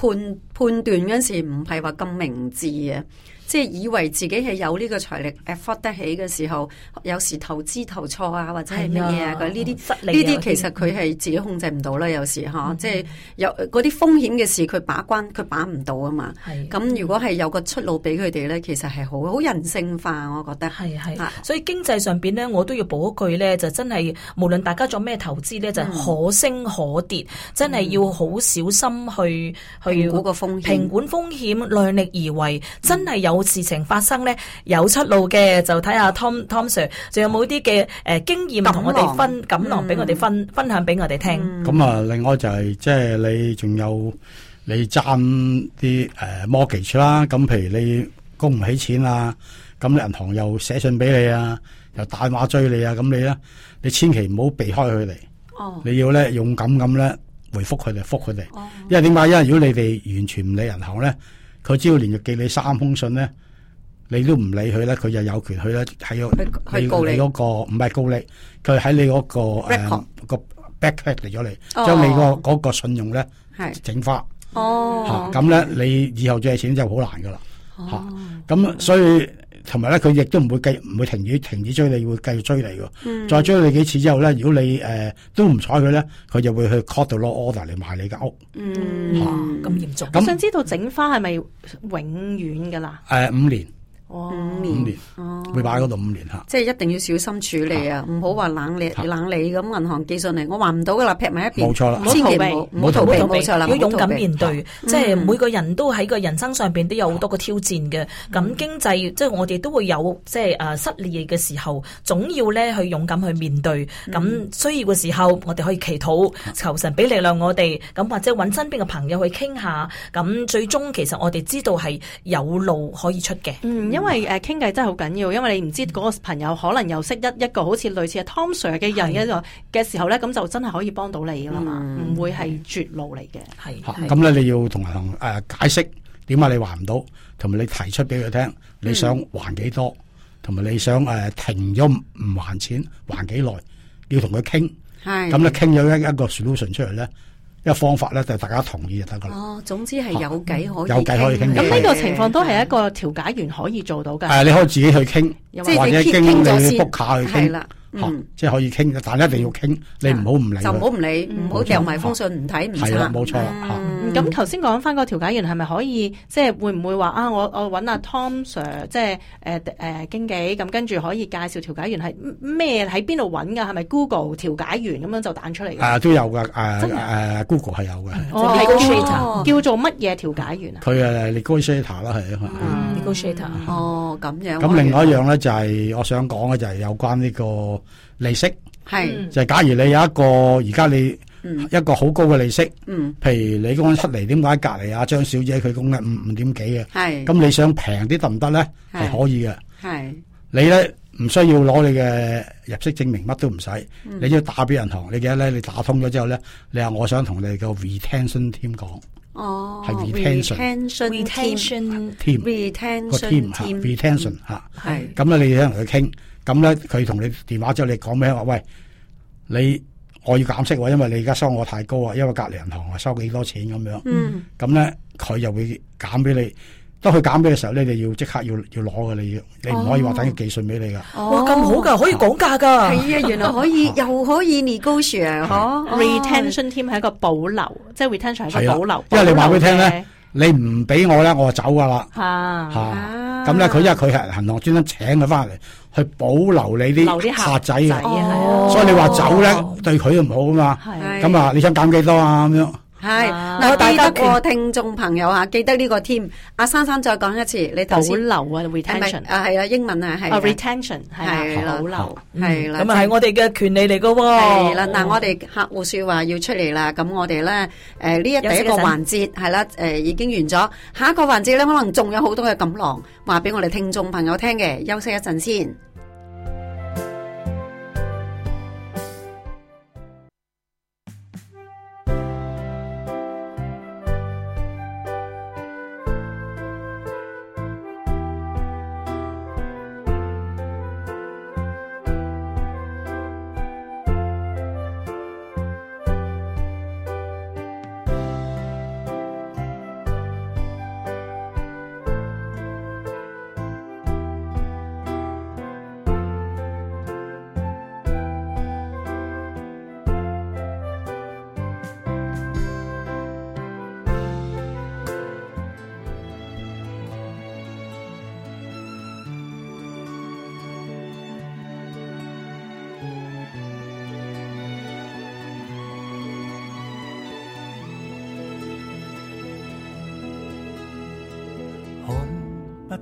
判判斷嗰陣時唔係話咁明智啊，即係以為自己係有呢個財力 afford 得起嘅時候，有時投資投錯啊，或者係乜嘢啊，佢呢啲失利呢啲其實佢係自己控制唔到啦，有時嗬、嗯啊，即係有嗰啲風險嘅事，佢把關佢把唔到啊嘛。係咁是，那如果係有個出路俾佢哋咧，其實係好好人性化，我覺得係係。是是啊、所以經濟上邊咧，我都要補一句咧，就真係無論大家做咩投資咧，就可升可跌，嗯、真係要好小心去、嗯、去。平股個風險，平管風險，量力而為。真係有事情發生咧，有出路嘅就睇下 Tom Tom Sir，仲有冇啲嘅誒經驗同我哋分錦囊俾我哋分分享俾我哋聽。咁啊，另外就係即係你仲有你爭啲誒 mortgage 啦。咁譬如你供唔起錢啊，咁你銀行又寫信俾你啊，又打電話追你啊，咁你咧，你千祈唔好避開佢哋。哦，你要咧勇敢咁咧。回覆佢哋，覆佢哋。因為點解？因為如果你哋完全唔理人行咧，佢只要連續寄你三封信咧，你都唔理佢咧，佢就有權去咧喺你嗰個唔係高利，佢喺你嗰，嗰個你，嗰個 backpack 嚟咗嚟，將 Record.、嗯嗰個、你個嗰、oh. 個信用咧整花。哦，咁咧你以後借錢就好難噶啦。咁、oh. 所以。同埋咧，佢亦都唔會繼唔會停止停止追你，會繼續追你嘅。嗯、再追你幾次之後咧，如果你誒、呃、都唔睬佢咧，佢就會去 call 到落 order 嚟賣你間屋。嗯，咁嚴吧重。那我想知道整返係咪永遠噶啦？誒、呃，五年。五年，會擺喺嗰度五年吓，即係一定要小心處理啊！唔好話冷你冷你咁，銀行寄信嚟，我還唔到噶啦，劈埋一邊。冇錯啦，千祈唔好，唔好逃避，要勇敢面對。即係每個人都喺個人生上邊都有好多個挑戰嘅。咁經濟即係我哋都會有，即係誒失意嘅時候，總要咧去勇敢去面對。咁需要嘅時候，我哋可以祈禱，求神俾力量我哋。咁或者搵身邊嘅朋友去傾下。咁最終其實我哋知道係有路可以出嘅。因為誒，傾偈真係好緊要，因為你唔知嗰個朋友可能又識一一個好似類似係 Tom Sir 嘅人嘅的時候咧，咁就真係可以幫到你噶啦嘛，唔、嗯、會係絕路嚟嘅。係咁咧，的的啊、你要同人誒、啊、解釋點解你還唔到，同埋你提出俾佢聽你想還幾多，同埋、嗯、你想誒、啊、停咗唔還錢還幾耐，要同佢傾。係咁咧，傾咗一一個 solution 出嚟咧。一個方法咧，就大家同意就得噶啦。哦，總之係有計可以有計可以傾嘅。咁呢個情況都係一個調解員可以做到噶。係，你可以自己去傾，即係或者去 book 咭去傾。係啦，吓，即係可以傾，但係一定要傾，你唔好唔理。就唔好唔理，唔好掉埋封信唔睇唔查。係啦，冇錯啦。咁頭先講翻個調解員係咪可以，即係會唔會話啊？我我揾阿 Tom Sir，即係誒誒經紀，咁跟住可以介紹調解員係咩？喺邊度揾㗎？係咪 Google 調解員咁樣就彈出嚟啊，都有㗎，誒、啊啊、Google 係有嘅。哦，Negotiator 叫做乜嘢調解員啊？佢係 Negotiator 啦，係啊，Negotiator。哦，咁樣。咁另外一樣咧，就係我想講嘅就係有關呢個利息，係就係假如你有一個而家你。一個好高嘅利息，譬如你剛剛出嚟，點解隔籬阿張小姐佢供緊五五點幾嘅？係，咁你想平啲得唔得咧？係可以嘅。係，你咧唔需要攞你嘅入息證明，乜都唔使，你要打俾銀行。你記得咧，你打通咗之後咧，你話我想同你個 retention team 講。哦，係 retention team team retention 吓 retention 吓。係。咁咧你咧同佢傾，咁咧佢同你電話之後你講咩？話喂，你。我要減息喎，因為你而家收我太高啊，因為隔籬銀行啊收幾多錢咁樣，咁咧佢又會減俾你。當佢減俾嘅時候咧，你要即刻要要攞㗎。你要你唔可以話等佢寄信俾你噶。哦，咁好噶，可以講價噶。係啊，原來可以又可以 negotiate Retention 添，係一個保留，即係 retention 係一個保留。因為你話俾佢聽咧，你唔俾我咧，我就走噶啦。吓吓，咁咧佢因為佢係銀行專登請佢翻嚟去保留你啲客仔。哦、所以你話走咧、哦、對佢唔好啊嘛。咁啊，你想減幾多啊咁樣？係嗱，記得個聽眾朋友啊，記得呢個 team。阿珊珊再講一次，你頭先保留啊，retention 啊，係啊，英文啊，係 retention 係啊，保留係啦。咁啊，係我哋嘅權利嚟噶喎。係啦，嗱，我哋客戶説話要出嚟啦，咁我哋咧誒呢一第一個環節係啦，誒已經完咗，下一個環節咧可能仲有好多嘅錦囊話俾我哋聽眾朋友聽嘅，休息一陣先。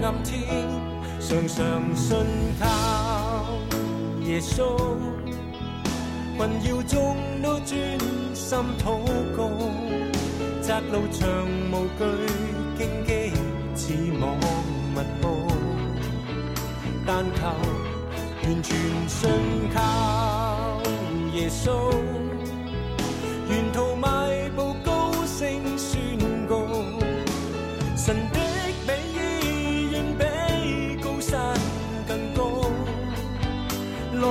暗天，常常信靠耶穌，困擾中都專心禱告，窄路長無懼荊棘似網密布，但求完全信靠耶穌。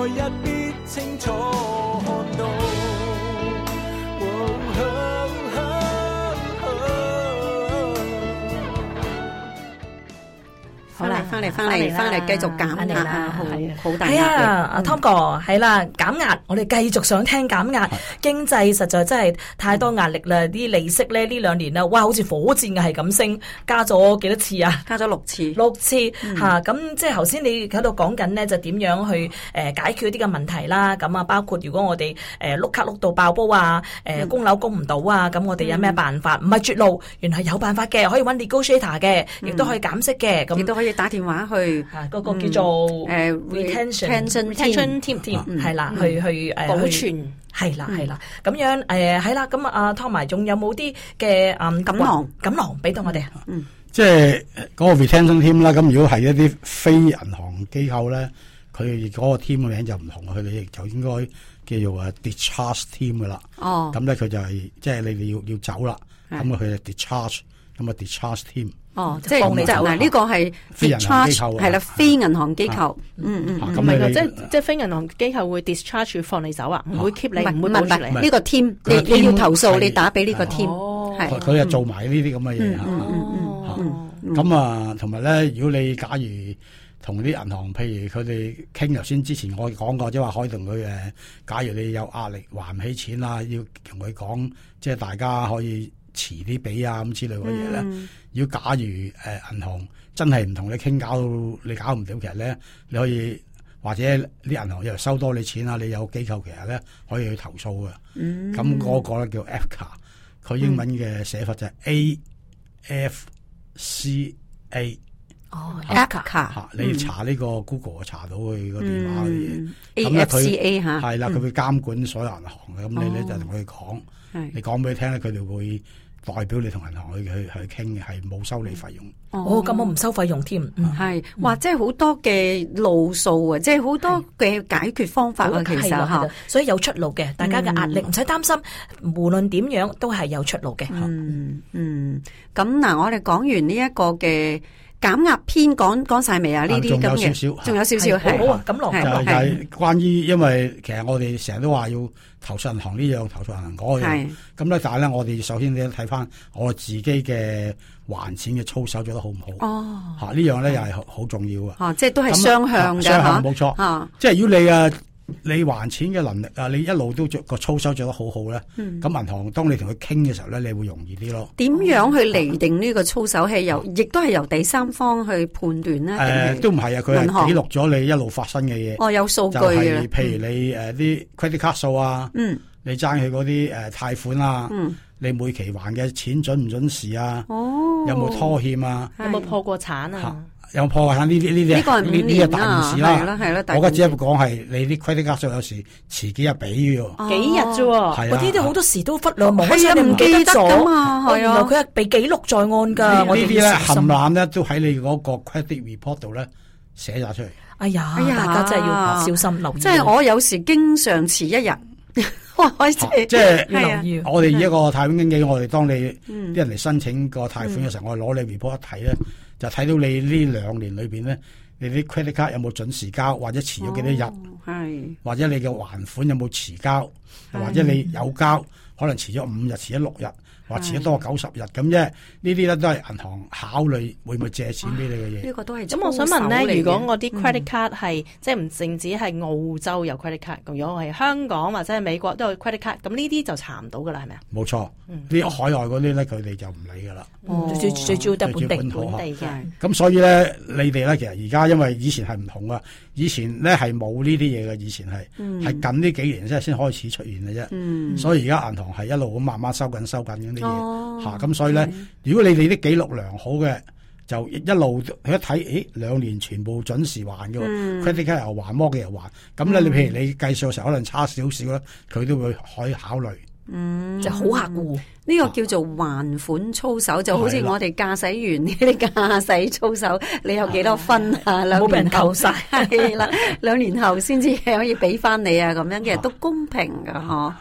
明必清楚。好啦，翻嚟，翻嚟，翻嚟，繼續減壓啦，好，好大壓力。係啊，阿 Tom 哥，係啦，減壓，我哋繼續想聽減壓。經濟實在真係太多壓力啦，啲利息咧呢兩年啊，哇，好似火箭嘅係咁升，加咗幾多次啊？加咗六次。六次吓，咁即係頭先你喺度講緊呢，就點樣去誒解決啲嘅問題啦？咁啊，包括如果我哋誒碌卡碌到爆煲啊，誒供樓供唔到啊，咁我哋有咩辦法？唔係絕路，原來有辦法嘅，可以揾 Negotiator 嘅，亦都可以減息嘅，咁亦都可以。打電話去嗰個叫做誒 retention team team 係啦，去去誒保存係啦係啦咁樣誒係啦咁啊啊，Tom 仲有冇啲嘅誒錦囊錦囊俾到我哋？嗯，即係嗰個 retention team 啦。咁如果係一啲非銀行機構咧，佢嗰個 team 嘅名就唔同，佢哋亦就應該叫做誒 discharge team 噶啦。哦，咁咧佢就係即係你哋要要走啦。咁啊，佢就 discharge 咁啊 discharge team。哦，即係唔就嗱，呢個係係啦，非銀行機構，嗯嗯，唔係即係即係非銀行機構會 discharge 放你走啊，唔會 keep 你，唔會問你呢個 team，你你要投訴你打俾呢個 team，係佢佢又做埋呢啲咁嘅嘢，嗯咁啊，同埋咧，如果你假如同啲銀行，譬如佢哋傾，頭先之前我講過，即係話可以同佢誒，假如你有壓力還唔起錢啊，要同佢講，即係大家可以。遲啲俾啊咁之類嘅嘢咧，如果假如誒銀行真係唔同你傾，搞到你搞唔到，其實咧，你可以或者啲銀行又收多你錢啊，你有機構其實咧可以去投訴嘅。咁嗰個咧叫 AFCA，佢英文嘅寫法就係 AFCA。哦 a f 你要查呢個 Google 查到佢個電話嘅嘢。咁咧佢係啦，佢會監管所有銀行嘅。咁你咧就同佢講，你講俾佢聽咧，佢哋會。代表你同銀行去去去傾嘅係冇收你費用，哦，咁我唔收費用添，係，哇，即係好多嘅路數啊，即係好多嘅解決方法啊，其實吓，所以有出路嘅，大家嘅壓力唔使擔心，無論點樣都係有出路嘅。嗯嗯，咁嗱，我哋講完呢一個嘅減壓篇，講講晒未啊？呢啲咁嘅，仲有少少，仲有少少，好啊，咁落嚟係係關於，因為其實我哋成日都話要。投訴銀行呢、這、樣、個、投訴銀行嗰樣，咁咧是但係咧，我哋首先咧睇翻我自己嘅還錢嘅操守做得好唔好？哦，吓呢樣咧又係好重要啊！哦，即係都係雙向嘅雙向冇錯啊！啊即係如果你啊。你還錢嘅能力啊，你一路都做個操守做得好好咧。咁、嗯、銀行當你同佢傾嘅時候咧，你會容易啲咯。點樣去厘定呢個操守係由，亦都係由第三方去判斷咧？誒、呃，都唔係啊，佢係記錄咗你一路發生嘅嘢。哦，有數據嘅，譬如你誒啲 credit card 數啊，嗯、你爭佢嗰啲誒貸款啊，嗯、你每期還嘅錢準唔準時啊？哦，有冇拖欠啊？唉有冇破過產啊？有破壞下呢啲呢啲呢呢個大事啦，我而家只係講係你啲 credit 卡數有時遲幾日俾嘅，幾日啫，嗰啲都好多時都忽略，冇，所以唔記得咗噶嘛，係啊，佢係被記錄在案噶。呢啲咧冚唥咧都喺你嗰個 credit report 度咧寫咗出嚟。哎呀，哎呀，大家真係要小心留意。即係我有時經常遲一日。哇！啊、即係，you know, you。我哋以一個貸款經紀，我哋當你啲、嗯、人嚟申請個貸款嘅時候，我攞你 report 一睇咧，嗯、就睇到你呢兩年裏面咧，你啲 credit card 有冇準時交，或者遲咗幾多日，哦、或者你嘅還款有冇遲交，或者你有交，可能遲咗五日、遲咗六日。話遲多九十日咁啫，呢啲咧都係銀行考慮會唔會借錢俾你嘅嘢。呢個都係咁，我想問咧，如果我啲 credit card 係即係唔淨止係澳洲有 credit card，如果我係香港或者係美國都有 credit card，咁呢啲就查唔到噶啦，係咪啊？冇錯，呢個海外嗰啲咧，佢哋就唔理噶啦。最最主要得本地本地嘅。咁所以咧，你哋咧其實而家因為以前係唔同啊，以前咧係冇呢啲嘢嘅，以前係係近呢幾年先先開始出現嘅啫。所以而家銀行係一路咁慢慢收緊收緊。哦，吓，咁所以咧，如果你哋啲記錄良好嘅，就一路佢一睇，誒，兩年全部準時還嘅喎，credit card 又還，mortgage 又還，咁咧你譬如你計數嘅時候可能差少少啦，佢都會可以考慮，嗯，就好客觀。呢個叫做還款操守，就好似我哋駕駛員呢啲駕駛操守，你有幾多分啊？兩年夠晒。係啦，兩年後先至可以俾翻你啊，咁樣嘅都公平㗎。呵。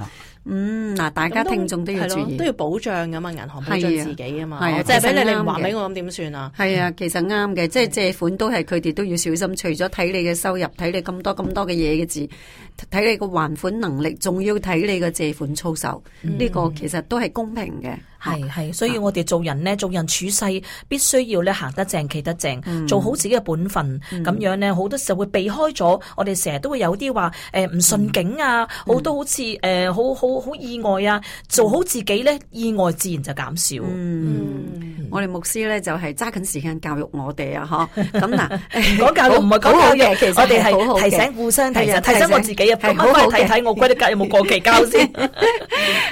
嗯，嗱，大家聽眾都要注意，都、都要保障噶嘛，銀行保障自己啊嘛，借俾、哦、你對的你唔還俾我咁點算啊？係啊，其實啱嘅，即、就、係、是、借款都係佢哋都要小心，除咗睇你嘅收入，睇你咁多咁多嘅嘢嘅字，睇你個還款能力，仲要睇你個借款操守，呢、這個其實都係公平嘅。嗯。係係，所以我哋做人咧，做人處世必須要咧行得正，企得正，做好自己嘅本分，咁樣咧好多時候會避開咗。我哋成日都會有啲話誒唔順境啊，好多好似誒好好好意外啊。做好自己咧，意外自然就減少。嗯，我哋牧師咧就係揸緊時間教育我哋啊，嗬。咁嗱，講教育唔係講教育，我哋係提醒互相提醒，提醒我自己啊，好睇睇我龜殼有冇過期交先。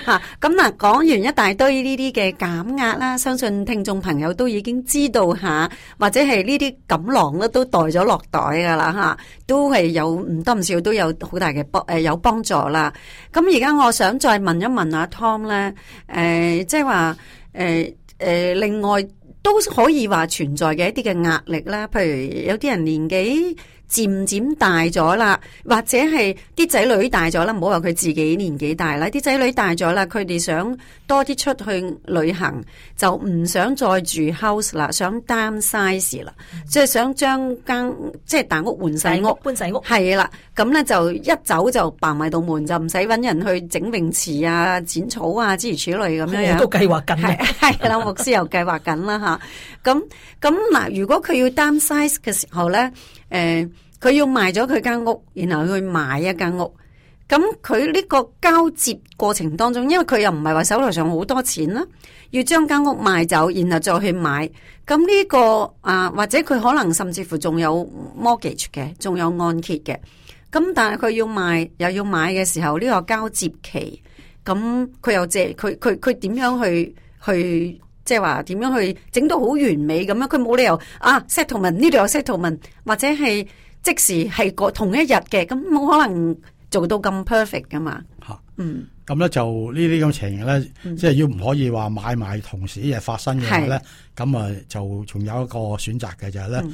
吓，咁嗱，講完一大堆呢啲。啲嘅減壓啦，相信聽眾朋友都已經知道下，或者係呢啲錦囊咧都了袋咗落袋㗎喇吓，都係有唔多唔少都有好大嘅幫誒有幫助啦。咁而家我想再問一問阿 Tom 咧、呃，誒即係話誒誒另外都可以話存在嘅一啲嘅壓力啦，譬如有啲人年紀漸漸大咗啦，或者係啲仔女大咗啦，唔好話佢自己年紀大啦，啲仔女大咗啦，佢哋想多啲出去旅行，就唔想再住 house 啦，想 downsize 啦，即係、嗯、想將間即係大屋換細屋，搬細屋，係啦。咁咧就一走就扮埋道門，就唔使搵人去整泳池啊、剪草啊、諸如此類咁樣樣。都計劃緊，係啦的， 牧師又計劃緊啦吓。咁咁嗱，如果佢要 downsize 嘅時候咧？誒，佢、欸，要賣咗佢間屋，然後去買一間屋。咁佢呢個交接過程當中，因為佢又唔係話手頭上好多錢啦，要將間屋賣走，然後再去買。咁呢、這個啊，或者佢可能甚至乎仲有 mortgage 嘅，仲有按揭嘅。咁但係佢要賣又要買嘅時候，呢個交接期，咁佢又借佢佢佢點樣去去？即係話點樣去整到好完美咁樣？佢冇理由啊 settlement 呢度，有 settlement 或者係即時係個同一日嘅，咁冇可能做到咁 perfect 噶嘛？吓、啊，嗯，咁咧就呢啲咁嘅情形咧，嗯、即係要唔可以話買賣同時啲嘢發生嘅話咧，咁啊是就仲有一個選擇嘅就係咧，誒、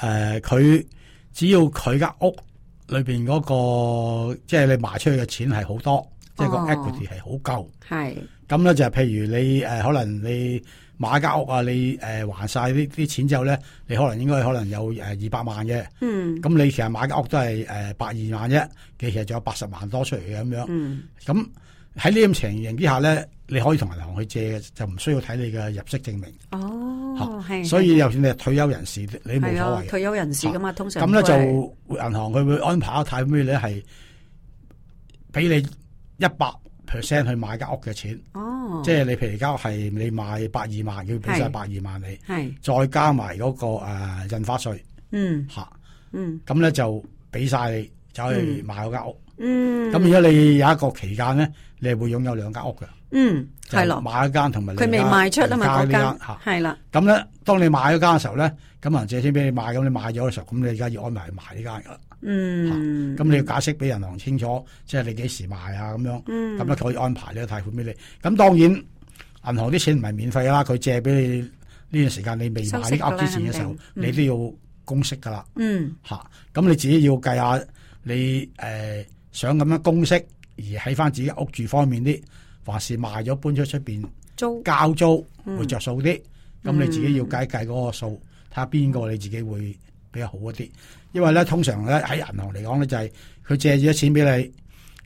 嗯，佢、呃、只要佢嘅屋裏邊嗰、那個即係、就是、你賣出去嘅錢係好多，哦、即係個 equity 係好夠，係。咁咧就係譬如你誒、呃、可能你買間屋啊你誒、呃、還晒啲啲錢之後咧，你可能應該可能有誒二百萬嘅。嗯，咁你其實買間屋都係誒百二萬啫，其實仲有八十萬多出嚟嘅咁樣。嗯，咁喺呢種情形之下咧，你可以同銀行去借，就唔需要睇你嘅入息證明。哦，係好。的所以就算你係退休人士，你冇所謂。退休人士噶嘛，啊、通常咁咧就銀行佢會安排一貸咩咧係俾你一百 percent 去買間屋嘅錢，哦、即係你譬如而家係你買百二萬，要俾晒百二萬是、那個呃、你，再加埋嗰個誒印花稅，吓，咁咧就俾晒你走去買嗰間屋。咁而家你有一個期間咧，你係會擁有兩間屋嘅。嗯，係咯，買一間同埋佢未賣出啊嘛嗰間，係啦。咁咧的，當你買咗間嘅時候咧，咁人借錢俾你買，咁你買咗嘅時候，咁你而家要安排去買呢間噶。嗯，咁、啊、你要解釋俾銀行清楚，即係你幾時賣啊？咁樣，咁佢可以安排呢個貸款俾你。咁當然銀，銀行啲錢唔係免費啦，佢借俾你呢段時間，你未買呢個之前嘅時候，嗯、你都要供息噶啦。嗯、啊，吓，咁你自己要計下，你誒想咁樣供息，而喺翻自己屋住方面啲，還是賣咗搬出出邊租交租、嗯、會着數啲？咁你自己要計計嗰個數，睇下邊個你自己會。比較好一啲，因為咧通常咧喺銀行嚟講咧就係、是、佢借咗錢俾你，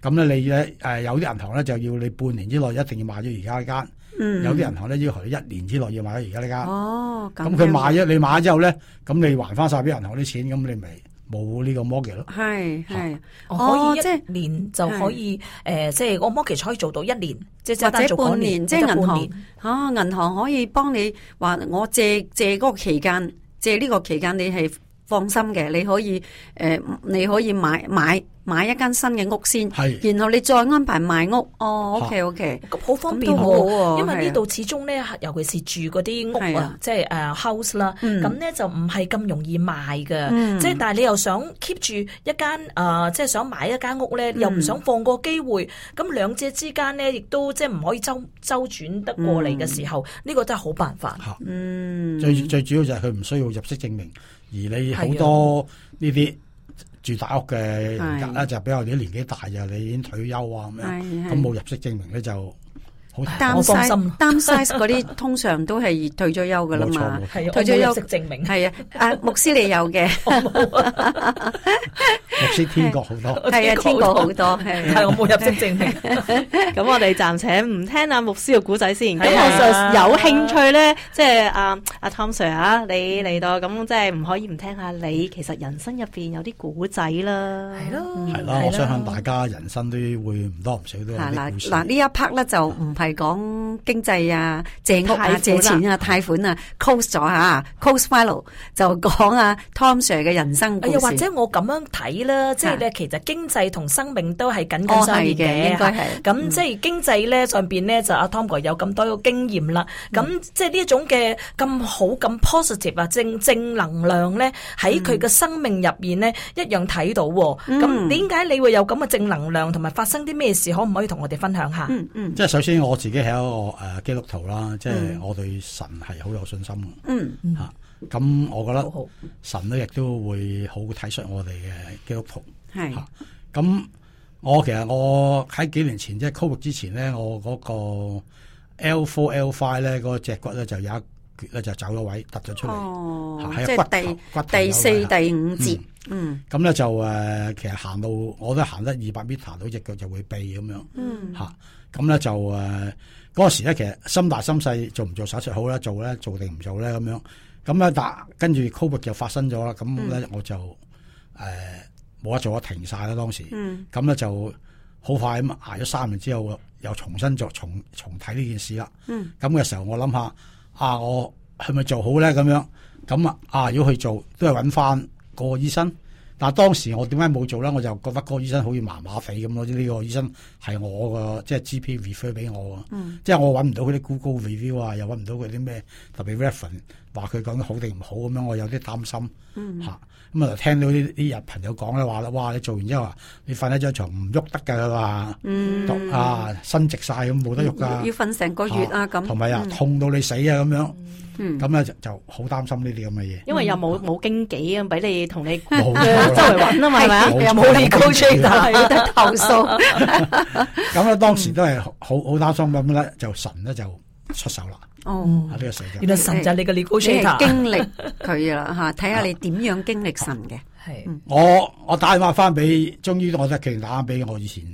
咁咧你誒有啲銀行咧就要你半年之內一定要賣咗而家、嗯、呢間，有啲銀行咧要佢一年之內要賣咗而家呢間。哦，咁、嗯，佢賣咗你賣咗之後咧，咁你還翻晒俾銀行啲錢，咁你咪冇呢個 mortgage 咯。係係，啊哦、可以即係一年就可以誒，即係我 mortgage 可以做到一年，即或，或者半年，即係銀行啊，銀行可以幫你話我借借嗰個期間，借呢個期間你係。放心嘅，你可以誒，你可以買買買一間新嘅屋先，係，然後你再安排賣屋。哦，OK OK，好方便喎，因為呢度始終呢，尤其是住嗰啲屋啊，即係誒 house 啦，咁呢就唔係咁容易賣嘅，即係但係你又想 keep 住一間誒，即係想買一間屋呢，又唔想放過機會，咁兩者之間呢，亦都即係唔可以周周轉得過嚟嘅時候，呢個真係好辦法。嗯，最最主要就係佢唔需要入息證明。而你好多呢啲住大屋嘅、啊、人咧，就比較啲年紀大，就你已經退休啊咁是樣，咁冇入息證明咧就。擔心，擔心嗰啲通常都係退咗休噶啦嘛，退咗休證明係啊，啊牧師你有嘅，牧師天國好多，係啊天國好多係，係我冇入職證明。咁我哋暫且唔聽阿牧師嘅故仔先。咁我就有興趣咧，即係阿阿 Tom Sir 啊，你嚟到咁即係唔可以唔聽下你其實人生入邊有啲古仔啦，係咯，係啦。我相信大家人生都會唔多唔少都有古。嗱嗱呢一 part 咧就唔係。係講經濟啊、借屋啊、借錢啊、貸款啊，close 咗吓，close Milo 就講啊 Tom Sir 嘅人生故事，又或者我咁樣睇啦，即係咧，其實經濟同生命都係緊緊相連嘅。哦，係嘅，應該係。咁即係經濟咧上邊咧就阿 Tom 哥有咁多個經驗啦。咁即係呢一種嘅咁好咁 positive 啊正正能量咧，喺佢嘅生命入面咧一樣睇到。咁點解你會有咁嘅正能量同埋發生啲咩事？可唔可以同我哋分享下？嗯嗯，即係首先我。我自己係一個誒基督徒啦，即，就，係，是，我對神係好有信心嗯，吓咁，啊，我覺得神咧亦都會好體恤我哋嘅基督徒。係是，咁，啊，我其實我喺幾年前即係 COVID 之前咧，我嗰個 L four、L five 咧嗰個脊骨咧就有一橛咧就走咗位，突咗出嚟，喺，哦啊、骨骨第四、第五節。嗯嗯，咁咧就誒、啊，其實行到我都行得二百米，行到隻腳就會痹咁樣吓。咁咧、嗯啊、就誒、啊，嗰、那個、時咧其實心大心細，做唔做手術好呢？做咧做定唔做咧咁樣。咁咧但跟住 COVID 就發生咗啦，咁咧我就誒冇、嗯呃、得做，我停晒啦。當時，咁咧、嗯、就好快咁啊，挨咗三年之後又重新做重重睇呢件事啦。咁嘅、嗯、時候我諗下啊，我係咪做好咧？咁樣咁啊啊，如果去做都係搵返。個醫生，但係當時我點解冇做咧？我就覺得個醫生好似麻麻肥咁咯。呢、這個醫生係我個即係 GP refer 俾我，嗯、即係我搵唔到佢啲 Google review 啊，又搵唔到佢啲咩特別 reference。話佢講得好定唔好咁樣，我有啲擔心吓。咁啊，聽到呢啲日朋友講嘅話啦，哇！你做完之後，你瞓喺張床唔喐得噶啦，嗯啊，伸直晒咁冇得喐噶，要瞓成個月啊咁，同埋啊痛到你死啊咁樣，咁啊就就好擔心呢啲咁嘅嘢。因為又冇冇經紀啊，俾你同你周圍搵啊嘛，係咪啊？又冇你 legal check 投訴咁啊！當時都係好好擔心咁咧，就神咧就出手啦。哦，呢個神，呢個神就係你嘅療護者，你係經歷佢啦吓，睇下你點樣經歷神嘅。係我我打電話翻俾，終於我得佢打俾我以前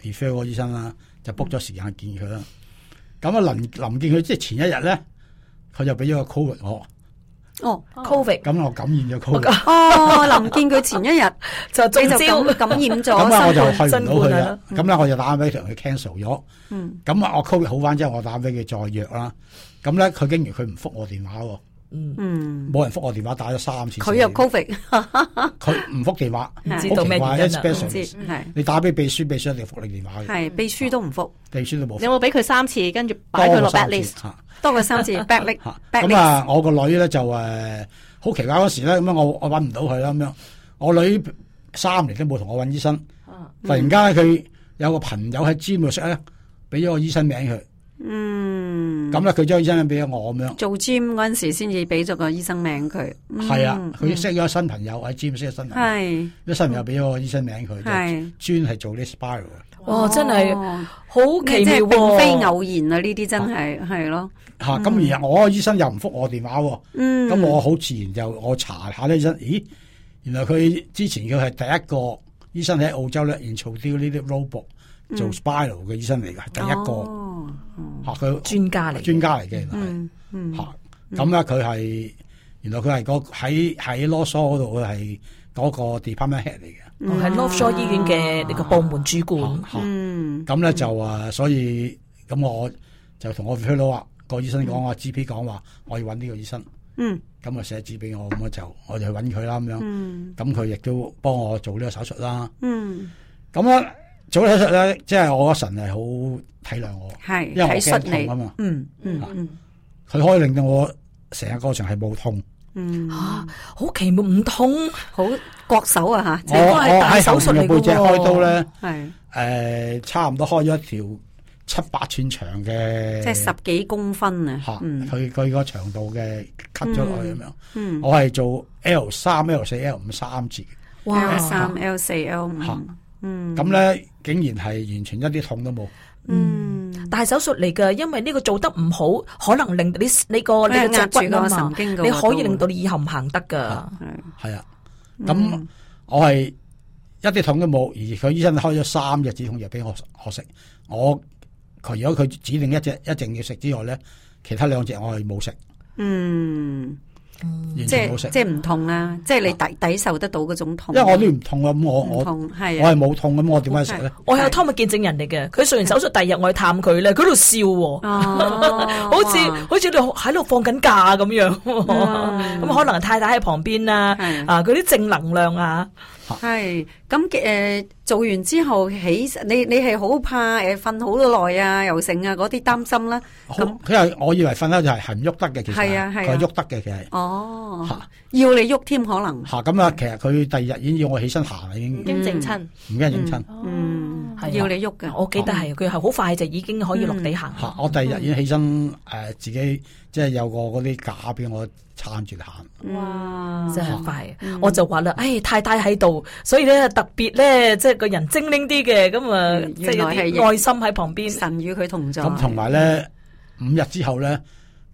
refer 醫生啦，就 book 咗時間見佢啦。咁啊，臨臨見佢即係前一日咧，佢就俾咗個 covid 我。哦，covid，咁我感染咗 covid。哦，臨見佢前一日就你就感感染咗，咁我就去唔到佢啦。咁咧我就打俾佢 cancel 咗。嗯，咁啊我 covid 好翻之後，我打俾佢再約啦。咁咧，佢竟然佢唔覆我電話喎，嗯，冇人覆我電話，打咗三次，佢又 Covid，佢唔覆電話，唔知道咩病毒，你打俾秘書，秘書一定覆你電話，係秘書都唔覆，秘書都冇，有冇俾佢三次，跟住擺佢落 black list，多過三次 black list，咁啊，我個女咧就誒，好奇怪嗰時咧，咁樣我我搵唔到佢啦，咁樣，我女三年都冇同我搵醫生，突然間佢有個朋友喺尖度咀咧，俾咗個醫生名佢。嗯，咁咧佢將醫生俾咗我，咁樣做 gym 嗰陣時，先至俾咗個醫生名佢。係啊，佢識咗新朋友喺 gym 識咗新朋友，啲新朋友俾咗個醫生名佢。係專係做啲 spiral。哦，真係好奇妙，即係並非偶然啊！呢啲真係係咯。吓，咁而我醫生又唔覆我電話，咁我好自然就我查下呢醫生。咦，原來佢之前佢係第一個醫生喺澳洲咧，研究啲呢啲 robot 做 spiral 嘅醫生嚟噶，第一個。學佢專家嚟，專家嚟嘅。嗯，吓咁咧，佢、嗯、係、嗯、原來佢係嗰喺喺羅蘇嗰度佢係嗰個 department head 嚟嘅。我係羅蘇醫院嘅呢個部門主管。啊啊啊、嗯，咁咧、嗯、就啊，所以咁我就同我去攞啊個醫生講，阿 GP 講話我要揾呢個醫生。嗯，咁啊寫紙俾我，咁我就我就去揾佢啦咁樣。咁佢亦都幫我做呢個手術啦嗯。嗯，咁咧、啊。做手術咧，即係我神係好體諒我，因為好驚痛啊嘛。嗯嗯嗯，佢可以令到我成個過程係冇痛。嗯，啊，好奇妙，唔痛，好割手啊，吓，應該係大手術嚟嘅。我係背脊嚟嘅，開刀咧係誒，差唔多開咗一條七八寸長嘅，即係十幾公分啊。吓，佢佢個長度嘅 cut 落去咁樣。嗯，我係做 L 三、L 四、L 五三節。哇，L 三、L 四、L 五。咁咧、嗯，竟然係完全一啲痛都冇。嗯，大、嗯、手術嚟噶，因為呢個做得唔好，可能令你你個你個脊椎啊神經，你可以令到你以後唔行得噶、嗯。係、嗯、啊，咁、啊嗯嗯、我係一啲痛都冇，而佢醫生開咗三隻止痛藥俾我我食，我，我如果佢指定一隻一定要食之外咧，其他兩隻我係冇食。嗯。即係唔痛啦，即係你抵抵受得到嗰種痛。因為我都唔痛啊，咁我我我係冇痛咁，我點解食咧？我有湯米見證人嚟嘅，佢做完手術第二日我去探佢咧，佢喺度笑，好似好似喺度放緊假咁樣，咁可能太太喺旁邊啦，啊啲正能量啊。係咁誒，做完之後起，你你係好怕誒，瞓好耐啊，又剩啊嗰啲擔心啦。咁佢係，我以為瞓咗就係係唔喐得嘅，其實係啊係佢喐得嘅其實。哦，吓要你喐添可能。吓咁啊，其實佢第二日已經要我起身行啦，已經。已經整親，唔驚整親。嗯，要你喐嘅。我記得係佢係好快就已經可以落地行。吓，我第二日已經起身誒，自己。即係有個嗰啲架俾我撐住行，哇！真係快，我就話啦，誒，太太喺度，所以咧特別咧，即係個人精靈啲嘅，咁啊，即係有啲愛心喺旁邊，神與佢同在。咁同埋咧，五日之後咧，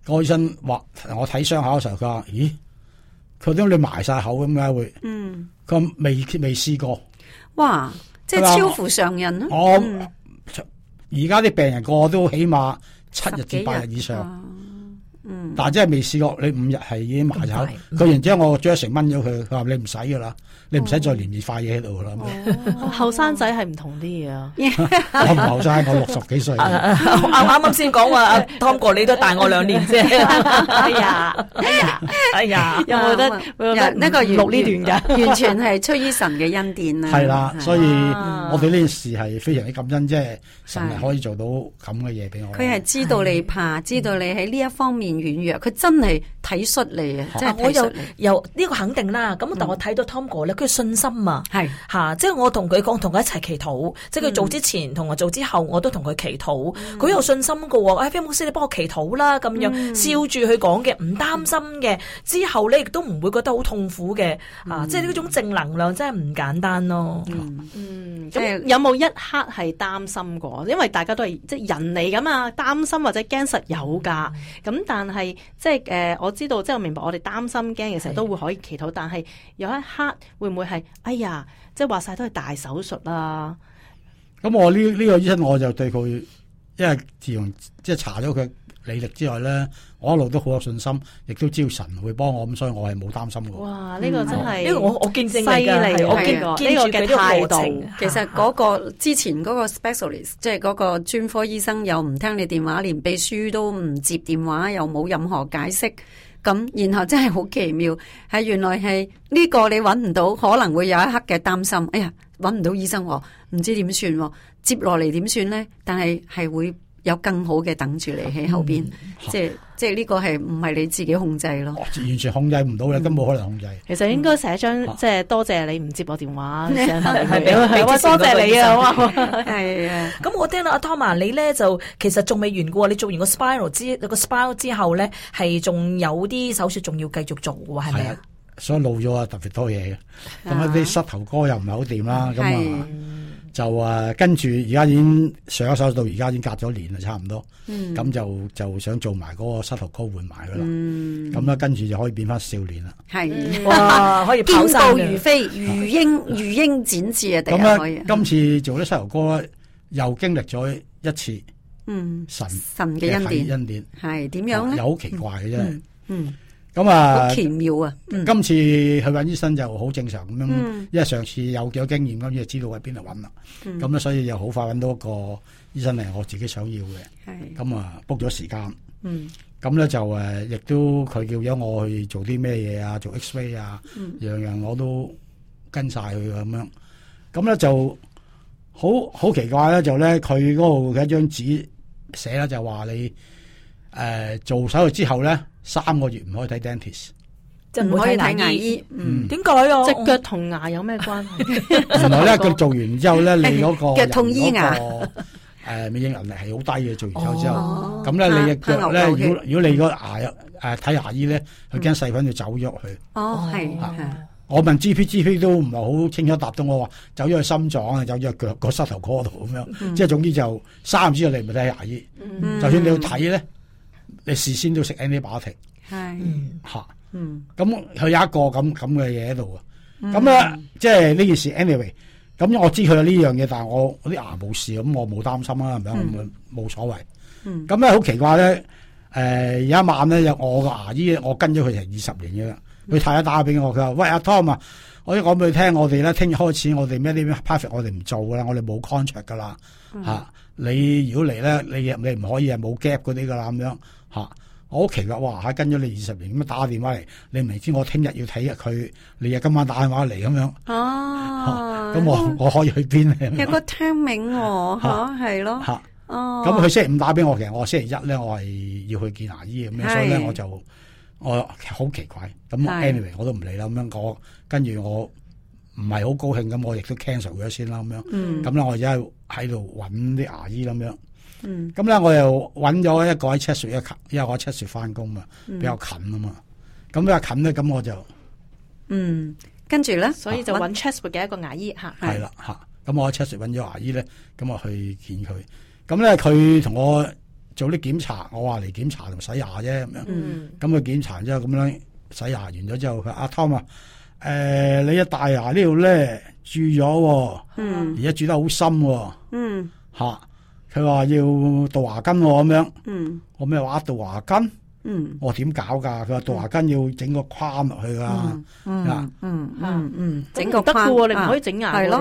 個醫生話我睇傷口嘅時候，佢話咦，佢點解你埋晒口咁解會？嗯，佢未未試過，哇！即係超乎常人咯。我而家啲病人個個都起碼七日至八日以上。但係真係未試過，你五日係已經麻咗佢，然之後我將成蚊咗佢，佢話你唔使噶啦，你唔使再連二塊嘢喺度噶啦。後生仔係唔同啲嘢啊。我唔後生，我六十幾歲。啱啱先講話阿湯哥，你都大我兩年啫。哎呀，哎呀，有冇得？有冇得？一個錄呢段嘅，完全係出於神嘅恩典啦。係啦，所以我對呢件事係非常之感恩，即係神係可以做到咁嘅嘢俾我。佢係知道你怕，知道你喺呢一方面軟弱，佢真係。體恤你啊，即係我又又呢個肯定啦。咁但我睇到 Tom 哥咧，佢信心啊，係吓，即係我同佢講，同佢一齊祈禱。即係佢做之前同我做之後，我都同佢祈禱。佢有信心噶。哎，飛牧師，你幫我祈禱啦，咁樣笑住佢講嘅，唔擔心嘅。之後咧，亦都唔會覺得好痛苦嘅。啊，即係呢種正能量真係唔簡單咯。嗯，咁有冇一刻係擔心過？因為大家都係即係人嚟噶嘛，擔心或者驚實有噶。咁但係即係誒我。知道即係，我明白，我哋擔心驚嘅時候都會可以祈禱。是的但係有一刻會唔會係？哎呀，即係話晒都係大手術啦，啊。咁我呢、呢、這個醫生，我就對佢，因為自從即係查咗佢履歷之外咧，我一路都好有信心，亦都知道神會幫我，咁所以我係冇擔心嘅。哇！呢、這個真係，呢、嗯、個我我見證嘅係我見證嘅態度。其實嗰、那個的之前嗰個 specialist，即係嗰個專科醫生又唔聽你的電話，連秘書都唔接電話，又冇任何解釋。咁，然後真係好奇妙，係原來係呢個你揾唔到，可能會有一刻嘅擔心。哎呀，揾唔到醫生喎，唔知點算，接落嚟點算呢？但係係會有更好嘅等住你喺後邊，即係，嗯。就是即係呢個係唔係你自己控制咯？完全控制唔到嘅，根本冇可能控制。其實應該寫一張、嗯、即係多謝，謝你唔接我電話，係多謝你啊，係啊。咁我聽到阿 Tom 你咧就其實仲未完嘅，你做完個 spiral 之個 spiral 之後咧係仲有啲手術仲要繼續做嘅喎，係咪啊？所以老咗啊，特別多嘢嘅。咁啊啲膝頭哥又唔係好掂啦，咁啊。就啊，跟住而家已經上一首到而家已經隔咗年啦，差唔多。咁、嗯、就就想做埋嗰個膝頭哥換埋噶啦。咁咧、嗯、跟住就可以變翻少年啦。係是、嗯、可以跑得如飛，如鷹、如鷹展翅啊！咁咧、啊啊，今次做啲膝頭哥又經歷咗一次神、嗯、神嘅恩典。恩典係點樣咧？有好奇怪嘅啫、嗯。嗯嗯咁啊，奇妙啊！今次去揾醫生就好正常咁樣、嗯、因為上次有幾多經驗咁，今次就知道喺邊度揾啦。咁咧、嗯，所以又好快揾到一個醫生嚟，我自己想要嘅。咁、嗯、啊，book 咗時間。咁咧、嗯、就誒、啊，亦都佢叫咗我去做啲咩嘢啊，做 X-ray 啊，樣、嗯、樣我都跟晒佢咁樣，咁咧，就好好奇怪咧，就咧佢嗰度嘅一張紙寫啦就話你。誒，做手術之後咧，三個月唔可以睇 dentist，即唔可以睇牙醫。點解啊？隻腳同牙有咩關係？原來咧，佢做完之後咧，你嗰個嗰個誒免疫能力係好低嘅。做完之後之後，咁咧你嘅腳咧，如果如果你個牙誒睇牙醫咧，佢驚細菌就走咗去。哦，係我問 GP，GP 都唔係好清楚答到我話走咗去心臟啊，走咗去腳個膝頭哥度咁樣。即係總之就三個月你唔係睇牙醫，就算你要睇咧。你事先都食 anybody 係吓是，嗯，咁佢、嗯嗯、有一個咁咁嘅嘢喺度啊，咁咧即係呢件事 anyway，咁我知佢有呢樣嘢，但係我啲牙冇事，咁我冇擔心啊，係咪冇所謂。咁咧好奇怪咧，誒、呃，有一晚咧，有我個牙醫，我跟咗佢成二十年嘅，佢太一打俾我，佢話，喂阿 Tom 啊，我講俾你聽，我哋咧聽日開始，我哋咩啲 p a r t 我哋唔做噶啦，我哋冇 contract 噶啦，吓、嗯啊，你如果嚟咧，你你唔可以係冇 gap 嗰啲噶啦，咁樣。我好奇怪嘅哇吓，跟咗你二十年咁樣打電話嚟，你明知我聽日要睇日佢，你又今晚打電話嚟咁樣。哦、啊、咁、啊、我我可以去邊咧？有個聽名我吓係咯。吓哦、啊、咁佢的、啊、星期五打俾我嘅，其實我星期一咧，我係要去見牙醫咁樣，是所以咧我就我好奇怪。咁 anyway 我都唔理啦，咁樣，樣我跟住我唔係好高興咁，我亦都 cancel 咗先啦，咁樣。咁咧、嗯、我而家喺度搵啲牙醫咁樣。咁咧，嗯嗯、我又揾咗一個喺 Chesswood 因為我喺 Chesswood 翻工嘛，比較近啊嘛。咁、嗯、比較近咧，咁我就嗯，跟住咧，所以就揾 Chesswood 嘅一個牙醫吓。係啦吓，咁、嗯嗯啊、我喺 Chesswood 揾咗牙醫咧，咁我去見佢。咁、嗯、咧，佢、嗯、同、嗯、我做啲檢查，我話嚟檢查同洗牙啫咁樣。咁佢檢查之後咁樣洗牙完咗之後，阿、啊、Tom 啊，誒，你隻大牙呢度咧蛀咗，嗯，而家蛀得好深，啊、嗯、啊，吓。佢話要杜牙根咁樣，我咩話杜牙根？我點搞噶？佢話杜牙根要整個框落去噶，啊，嗯嗯嗯，整個框你唔可以整牙，算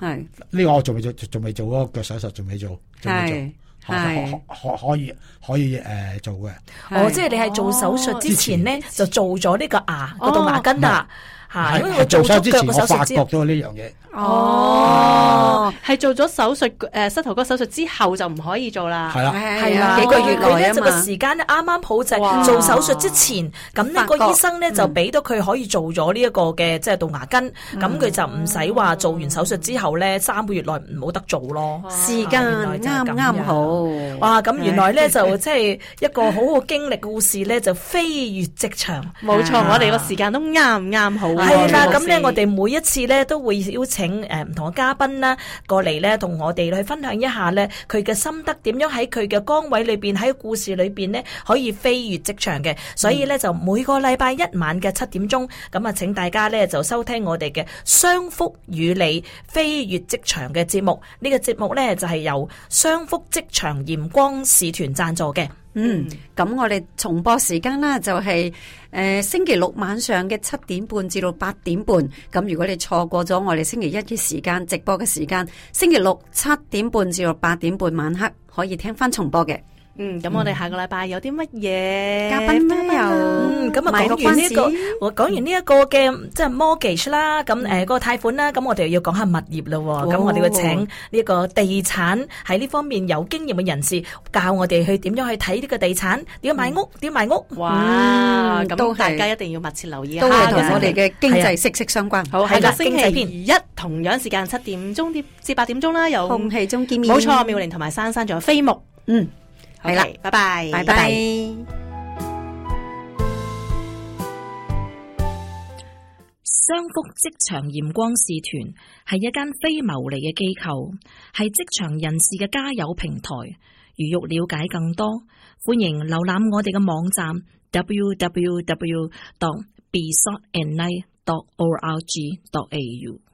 係呢個我仲未做，仲未做個腳手術，仲未做，仲未做，可可可以可以誒做嘅。哦，即係你係做手術之前咧，就做咗呢個牙個杜牙根啦。係，係做手術之前我發覺咗呢樣嘢。哦，係做咗手術誒，膝頭哥手術之後就唔可以做啦。係啦，係啦，幾個月內啊個時間咧啱啱好就係做手術之前，咁呢個醫生咧就俾到佢可以做咗呢一個嘅即係杜牙根，咁佢就唔使話做完手術之後咧三個月內唔好得做咯。時間啱啱好。哇，咁原來咧就即係一個好好經歷嘅故事咧就飛越職場。冇錯，我哋個時間都啱啱好。係啦，咁咧我哋每一次咧都會邀請誒唔同嘅嘉賓啦，過嚟咧同我哋去分享一下咧佢嘅心得，點樣喺佢嘅崗位裏面，喺故事裏面咧可以飛越職場嘅。所以咧就每個禮拜一晚嘅七點鐘，咁啊請大家咧就收聽我哋嘅《商福與你飛越職場》嘅節目。呢、這個節目咧就係由商福職場鹽光使團贊助嘅。嗯，咁我哋重播時間啦，就係誒星期六晚上嘅七點半至到八點半。咁如果你錯過咗我哋星期一嘅時間直播嘅時間，星期六七點半至到八點半晚黑可以聽翻重播嘅。嗯，咁我哋下個禮拜有啲乜嘢嘉賓咧？有，咁啊講完呢一個，我講完呢一個嘅即係 mortgage 啦，咁誒個貸款啦，咁我哋又要講下物業咯。咁我哋會請呢個地產喺呢方面有經驗嘅人士教我哋去點樣去睇呢個地產，點樣買屋，點樣買屋。哇，咁大家一定要密切留意啊！同我哋嘅經濟息息相關。好，係啦，星期一同樣時間七點鐘啲至八點鐘啦，有空氣中見面。冇錯，妙玲同埋珊珊仲有飛牧，嗯。係啦，拜拜，拜拜。商福職場鹽光使團係一間非牟利嘅機構，係職場人士嘅加油平台。如欲了解更多，歡迎瀏覽我哋嘅網站 w w w. dot b s o n i dot o r g dot a u。